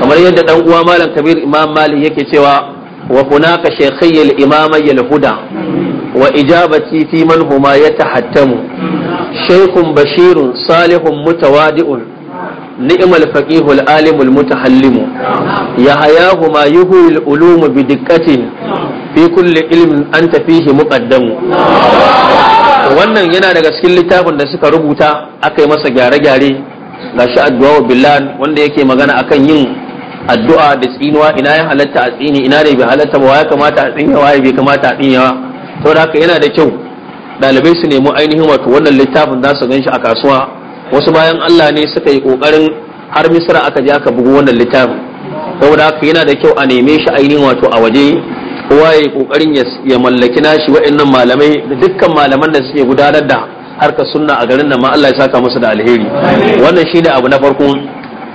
kamar yadda dan uwa malam kabir imam malik yake cewa wa hunaka shaykhay al-imamay al-huda wa ijabati fi man huma yatahattamu shaykhun bashirun salihun mutawadi'un ya الفقيه ma المتحلم يحياهما يهوي العلوم fi في كل an أنت فيه مقدم wannan yana daga cikin littafin da suka rubuta aka yi masa gyare-gyare ga shi addu'a billan wanda yake magana akan yin addu'a da tsinuwa ina ya halatta a tsini ina ne bai halatta ba ya kamata a tsinya waye bai kamata a tsinyawa to da haka yana da kyau dalibai su nemi ainihin wato wannan littafin za su ganshi a kasuwa wasu bayan Allah ne suka yi kokarin har misra aka je aka bugu wannan littafin saboda haka yana da kyau a neme shi ainihin wato a waje kowa ya kokarin ya mallaki nashi wa'annan malamai da dukkan malaman da suke gudanar da harkar sunna a garin nan ma Allah ya saka musu da alheri wannan shine abu na farko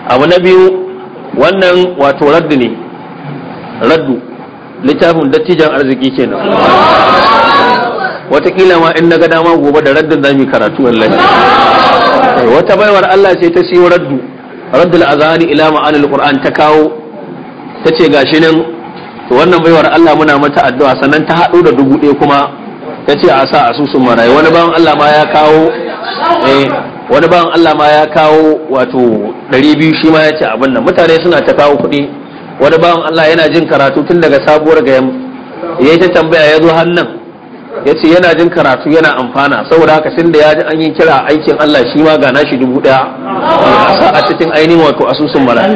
abu na biyu wannan wato raddu ne raddu littafin dattijan arziki kenan watakila ma in naga dama gobe da raddun zamu karatu wallahi eh, wata baiwar Allah sai ta siyo raddu raddul azani ila ma'anil qur'an ta kawo tace gashi nan to wannan baiwar Allah muna mata addu'a sannan ta haɗu da dubu ɗaya kuma ta ce a sa asusun marayu wani bawan Allah ma ya kawo eh, wani bawan Allah ma ya kawo wato ɗari biyu shi ma ya ce abin nan mutane suna ta kawo kuɗi wani bawan Allah yana jin karatu tun daga sabuwar gayam ya yi ta tambaya ya zo hannun ya ce yana jin karatu yana amfana saboda haka sun da ya ji an yi kira aikin Allah shi ma gana shi dubu ɗaya a sa a cikin ainihin wato asusun marayu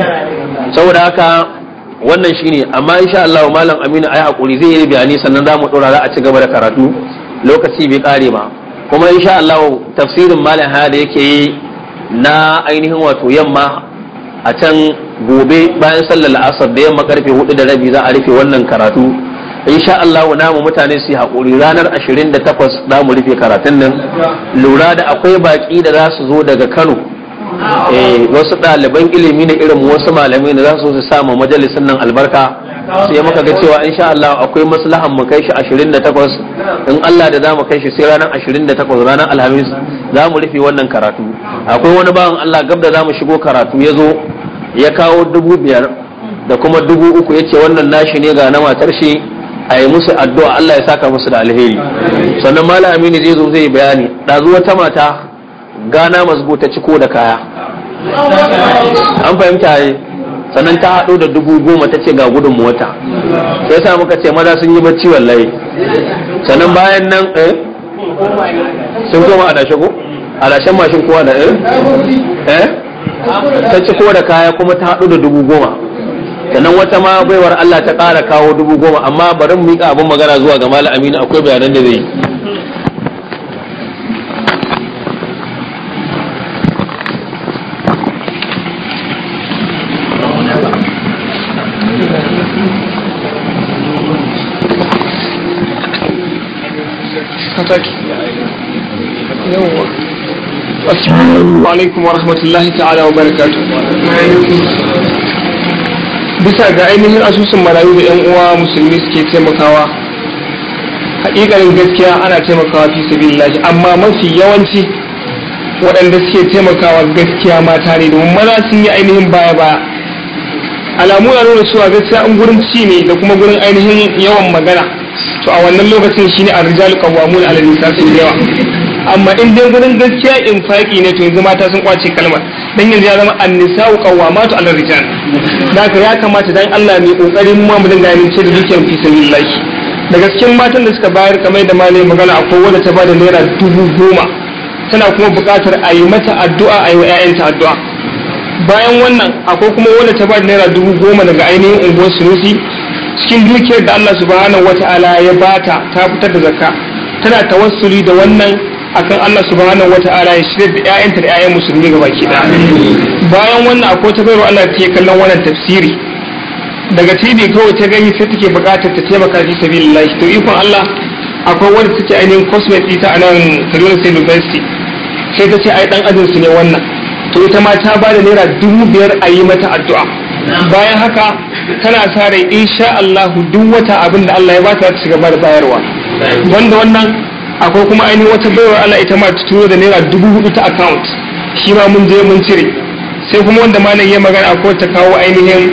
saboda haka wannan shine amma insha Allah malam Aminu ai hakuri zai yi bayani sannan zamu dora za a ci gaba da karatu lokaci bai kare ba kuma insha Allah tafsirin malam da yake yi na ainihin wato yamma a can gobe bayan sallar asar da yamma karfe hudu da rabi za a rufe wannan karatu insha Allah namu mutane su hakuri ranar 28 za mu rufe karatun nan lura da akwai baki da za su zo daga Kano eh wasu ɗaliban ilimi ne irin wasu malamai ne za su su samu majalisin nan albarka sai maka ga cewa insha Allah akwai maslahan mu kai shi 28 in Allah da zamu kai shi sai ranar 28 ranar Alhamis za mu rufe wannan karatu akwai wani bawan Allah gab da zamu shigo karatu ya zo ya kawo dubu biyar da kuma dubu uku ya ce wannan nashi ne ga na matar shi a yi musu addu'a Allah ya saka musu da alheri sannan malam aminu zai zo zai bayani ɗazu wata mata gana mazgo ta ciko da kaya an fahimta yi sannan ta haɗo da dubu goma ta ce ga gudun mota sai sa muka ce maza sun yi bacci wallahi sannan bayan nan eh sun koma a dashe ko a dashen mashin kowa da eh? eh ta ciko da kaya kuma ta haɗo da dubu goma sannan wata ma baiwar Allah ta ƙara kawo dubu goma amma bari mu miƙa abin magana zuwa ga Malam Aminu akwai bayanan da zai yi bisa ga ainihin asusun marayu da 'yan uwa musulmi suke taimakawa hakikalin gaskiya ana taimakawa fi sabilillahi amma mafi yawanci waɗanda suke taimakawa gaskiya mata ne domin maza sun yi ainihin baya baya alamu na nuna cewa gaskiya an gurin ci ne da kuma gurin ainihin yawan magana to a wannan lokacin shine ar-rijalu qawwamuna 'ala an-nisa sun yawa amma in dai gurin gaskiya in faƙi ne to yanzu mata sun kwace kalmar dan yanzu ya zama an-nisa'u qawwamatu 'ala ar-rijal ya kamata dan Allah mai kokarin mu mu dinga yin ce da dukiyar fi sabilillah Da gaskiyar matan da suka bayar kamar da malai magana akwai wanda ta bada naira dubu goma tana kuma buƙatar a yi mata addu'a a yi wa 'ya'yanta addu'a bayan wannan akwai kuma wanda ta bada naira dubu goma daga ainihin unguwar sunusi cikin dukiyar da Allah subhanahu wata'ala ya bata ta fitar da zakka tana tawassuli da wannan akan Allah subhanahu wata'ala ya shirya da ƴaƴanta da ƴaƴan musulmi baki da bayan wannan akwai ta bayarwa Allah ta kallon wannan tafsiri daga TV kawai ta gani sai take buƙatar ta taimaka fi sabilillah to ikon Allah akwai wanda take ainihin cosmet ita a nan Kaduna State University sai ta ce ai dan ajin su ne wannan to ita ma ta ba da naira dubu biyar a yi mata addu'a bayan haka tana sa rai insha Allah duk wata abin da Allah ya bata ta shiga da bayarwa wanda wannan akwai kuma ainihin wata baiwar Allah ita ma ta turo da naira dubu hudu ta account shi ma mun je mun cire sai kuma wanda malam ya magana akwai ta kawo ainihin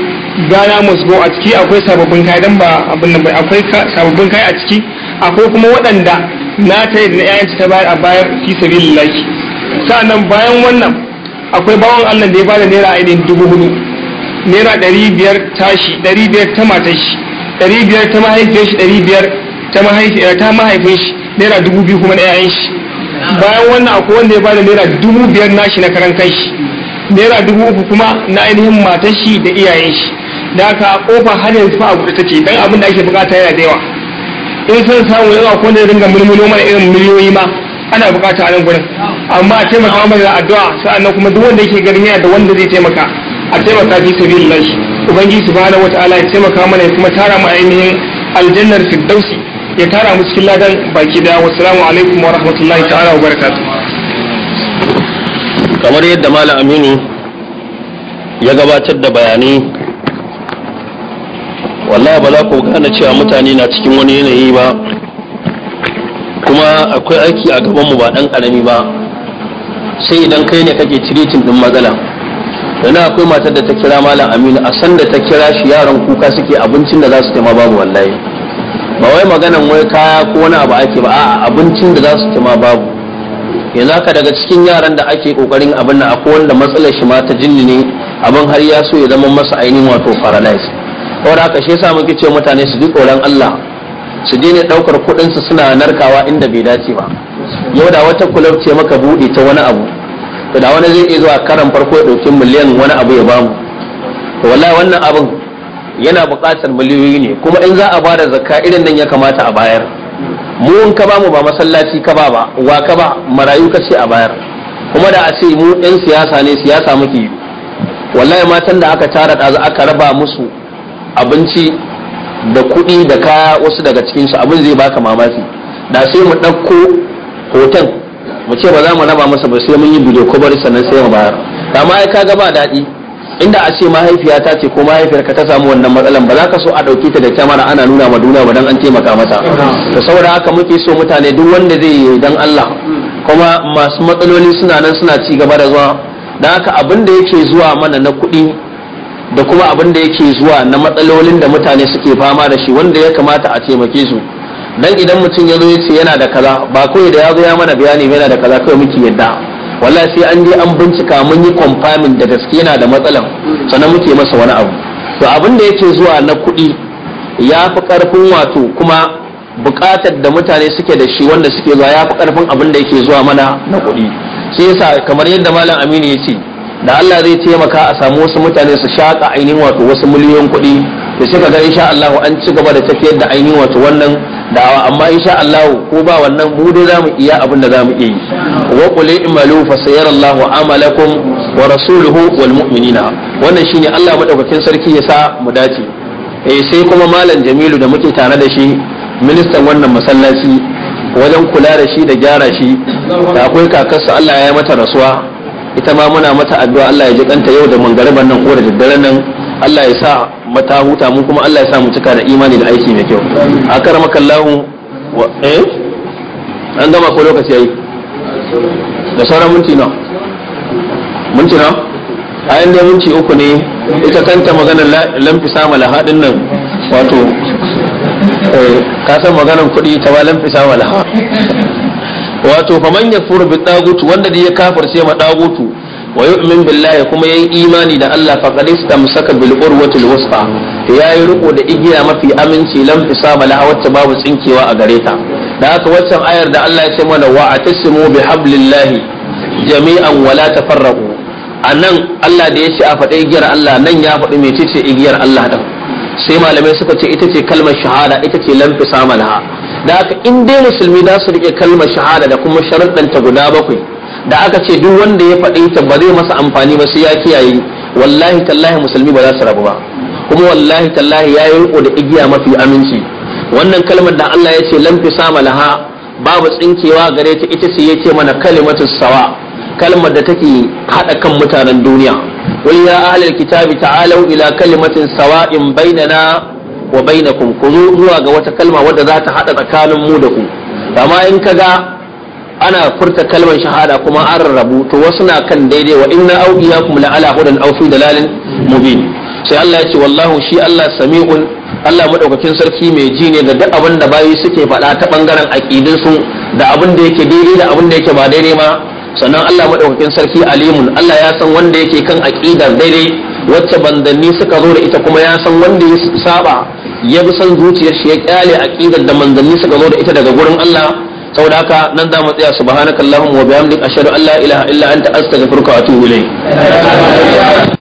gana must go a ciki akwai sababbin kai dan ba abin nan bai akwai sababbin kai a ciki akwai kuma waɗanda na ta da na yayanci ta bayar a bayar fi sabilillahi sa'annan bayan wannan akwai bawan Allah da ya bada naira ainihin dubu hudu naira ɗari biyar tashi ɗari biyar ta mata shi ɗari biyar ta mahaifin shi ɗari biyar eh, ta mahaifin shi naira dubu biyu kuma na shi bayan wannan akwai wanda ya bada naira dubu biyar nashi na karan kai shi naira dubu uku kuma na ainihin matar shi da iyayen shi da aka kofa har yanzu fa a buɗe ce dan abin da ake bukata yana da yawa in san samu yawa ko ya dinga mulmulo mana irin miliyoyi ma ana bukata a nan gurin amma a taimaka mana da addu'a sa'annan kuma duk wanda yake garin yana da wanda zai taimaka a taimaka fi sabilillah ubangiji subhanahu wataala ya taimaka mana ya kuma tara mu aljannar firdausi ya tara mu cikin ladan baki daya wassalamu alaikum wa rahmatullahi ta'ala wa kamar yadda malam aminu ya gabatar da bayanai wallahi ba za ku gane cewa mutane na cikin wani yanayi ba kuma akwai aiki a gabanmu ba dan karami ba sai idan kai ne kake tiritin din matsala sannan akwai matar da ta kira malam aminu a san ta kira shi yaran kuka suke abincin da za su tema babu wallahi ba wai maganan wai kaya ko wani abu ake ba a abincin da za su tema babu yanzu haka daga cikin yaran da ake kokarin abin nan akwai wanda matsalar shi mata ta jinni ne abin har ya so ya zama masa ainihin wato paralyze da haka shi yasa muke ce mutane su bi tsoron Allah su daina daukar kuɗin su suna narkawa inda bai dace ba yau da wata kulab ce maka buɗe ta wani abu to da wani zai iya zuwa karan farko ya dauki miliyan wani abu ya bamu to wallahi wannan abin yana buƙatar miliyoyi ne kuma in za a bada zakka irin nan ya kamata a bayar mu in ka bamu ba masallaci ka ba ba wa ka ba marayu ka ce a bayar kuma da a ce mu ɗan siyasa ne siyasa muke yi wallahi matan da aka tara ɗazu aka raba musu abinci da kuɗi da kaya wasu daga cikinsu abin zai baka mamaki da sai mu ɗauko hoton mu ce ba za mu raba masa ba sai mun yi bidiyo ko bari sannan sai mu bayar amma ai kaga ba daɗi inda a ce mahaifiya ce ko mahaifiyarka ta samu wannan matsalan ba za ka so a ɗauki ta da kyamara ana nuna ma duniya ba dan an taimaka masa. Da saboda haka muke so mutane duk wanda zai yi dan Allah kuma masu matsaloli suna nan suna ci gaba da zuwa dan haka abin da yake zuwa mana na kuɗi da kuma abin da yake zuwa na matsalolin da mutane suke fama da shi wanda ya kamata a taimake su dan idan mutum ya zo ya ce yana da kaza ba kawai da ya zo ya mana bayani yana da kaza kawai muke yadda wallahi sai an je an bincika mun yi confirming da gaske yana da matsalan sannan muke masa wani abu to abin da yake zuwa na kuɗi ya fi ƙarfin wato kuma buƙatar da mutane suke da shi wanda suke zuwa ya fi ƙarfin abin da yake zuwa mana na kuɗi sai yasa kamar yadda malam aminu ya ce da Allah zai taimaka a samu wasu mutane su shaƙa ainihin wato wasu miliyoyin kuɗi da sai ga insha Allah an ci gaba da tafiyar da ainihin wato wannan da'awa amma insha Allah ko ba wannan mu dai zamu iya abin da zamu iya yi wa qul imalu fa sayarallahu amalakum wa rasuluhu wal mu'minina wannan shine Allah madaukakin sarki ya sa mu dace eh sai kuma malam Jamilu da muke tare da shi ministan wannan masallaci wajen kula da shi da gyara shi da akwai kakarsa Allah ya mata rasuwa ita ma muna mata addu'a Allah ya ji kanta yau da mangariban nan ko da daddare nan Allah ya sa mata huta mu kuma Allah ya sa mu cika da imani da aiki mai kyau a karama kallahu eh an gama ko lokaci yayi da sauran minti na minti na a yan dai minti uku ne ita kanta maganar lamfi sama lahadin nan wato eh, ka san maganar kuɗi ta ba lamfi sama laha wato faman ya furu bi dagutu wanda da ya kafirce ma dagutu wa yu'min billahi kuma yi imani da Allah fa qad saka bil urwatil to yayi riko da igiya mafi aminci lam fisama la wacce babu tsinkewa a gare ta da haka waccan ayar da Allah ya ce mana wa atasimu bi hablillahi jami'an wa la tafarraqu anan Allah da ya ce a faɗi igiyar Allah nan ya faɗi mecece igiyar Allah da sai malamai suka ce ita ce kalmar shahada ita ce lam fisama laha da haka in dai musulmi za su rike kalmar shahada da kuma ta guda bakwai da aka ce duk wanda ya faɗi ta ba zai masa amfani ba sai ya kiyaye wallahi tallahi musulmi ba za su rabu ba kuma wallahi tallahi ya yi riko da igiya mafi aminci wannan kalmar da Allah ya ce lamfi fi sama laha babu tsinkewa gare ta ita ce ce mana kalimatu sawa kalmar da take hada kan mutanen duniya wai ya ahlul kitabi ta'alu ila kalimatin sawa'in bainana wa bainakum ku zuwa ga wata kalma wadda za ta hada tsakanin mu da ku amma in ka ga. ana furta kalmar shahada kuma an rarrabu to wasu na kan daidai wa inna awdiyakum la ala hudan aw fi dalalin mubin sai Allah ya ce wallahu shi Allah sami'un Allah madaukakin sarki mai ji ne da duk abin da bayi suke faɗa ta bangaren aqidin su da abin da yake daidai da abin yake ba daidai ma sannan Allah madaukakin sarki alimun Allah ya san wanda yake kan aqidar daidai wacce bandanni suka zo da ita kuma ya san wanda ya saba ya bi san zuciyar shi ya kyale aqidar da manzanni suka zo da ita daga gurin Allah saboda haka nan za mu tsaya subhanakallahumma wa bihamdika ashhadu an la ilaha illa anta astaghfiruka wa atubu ilayk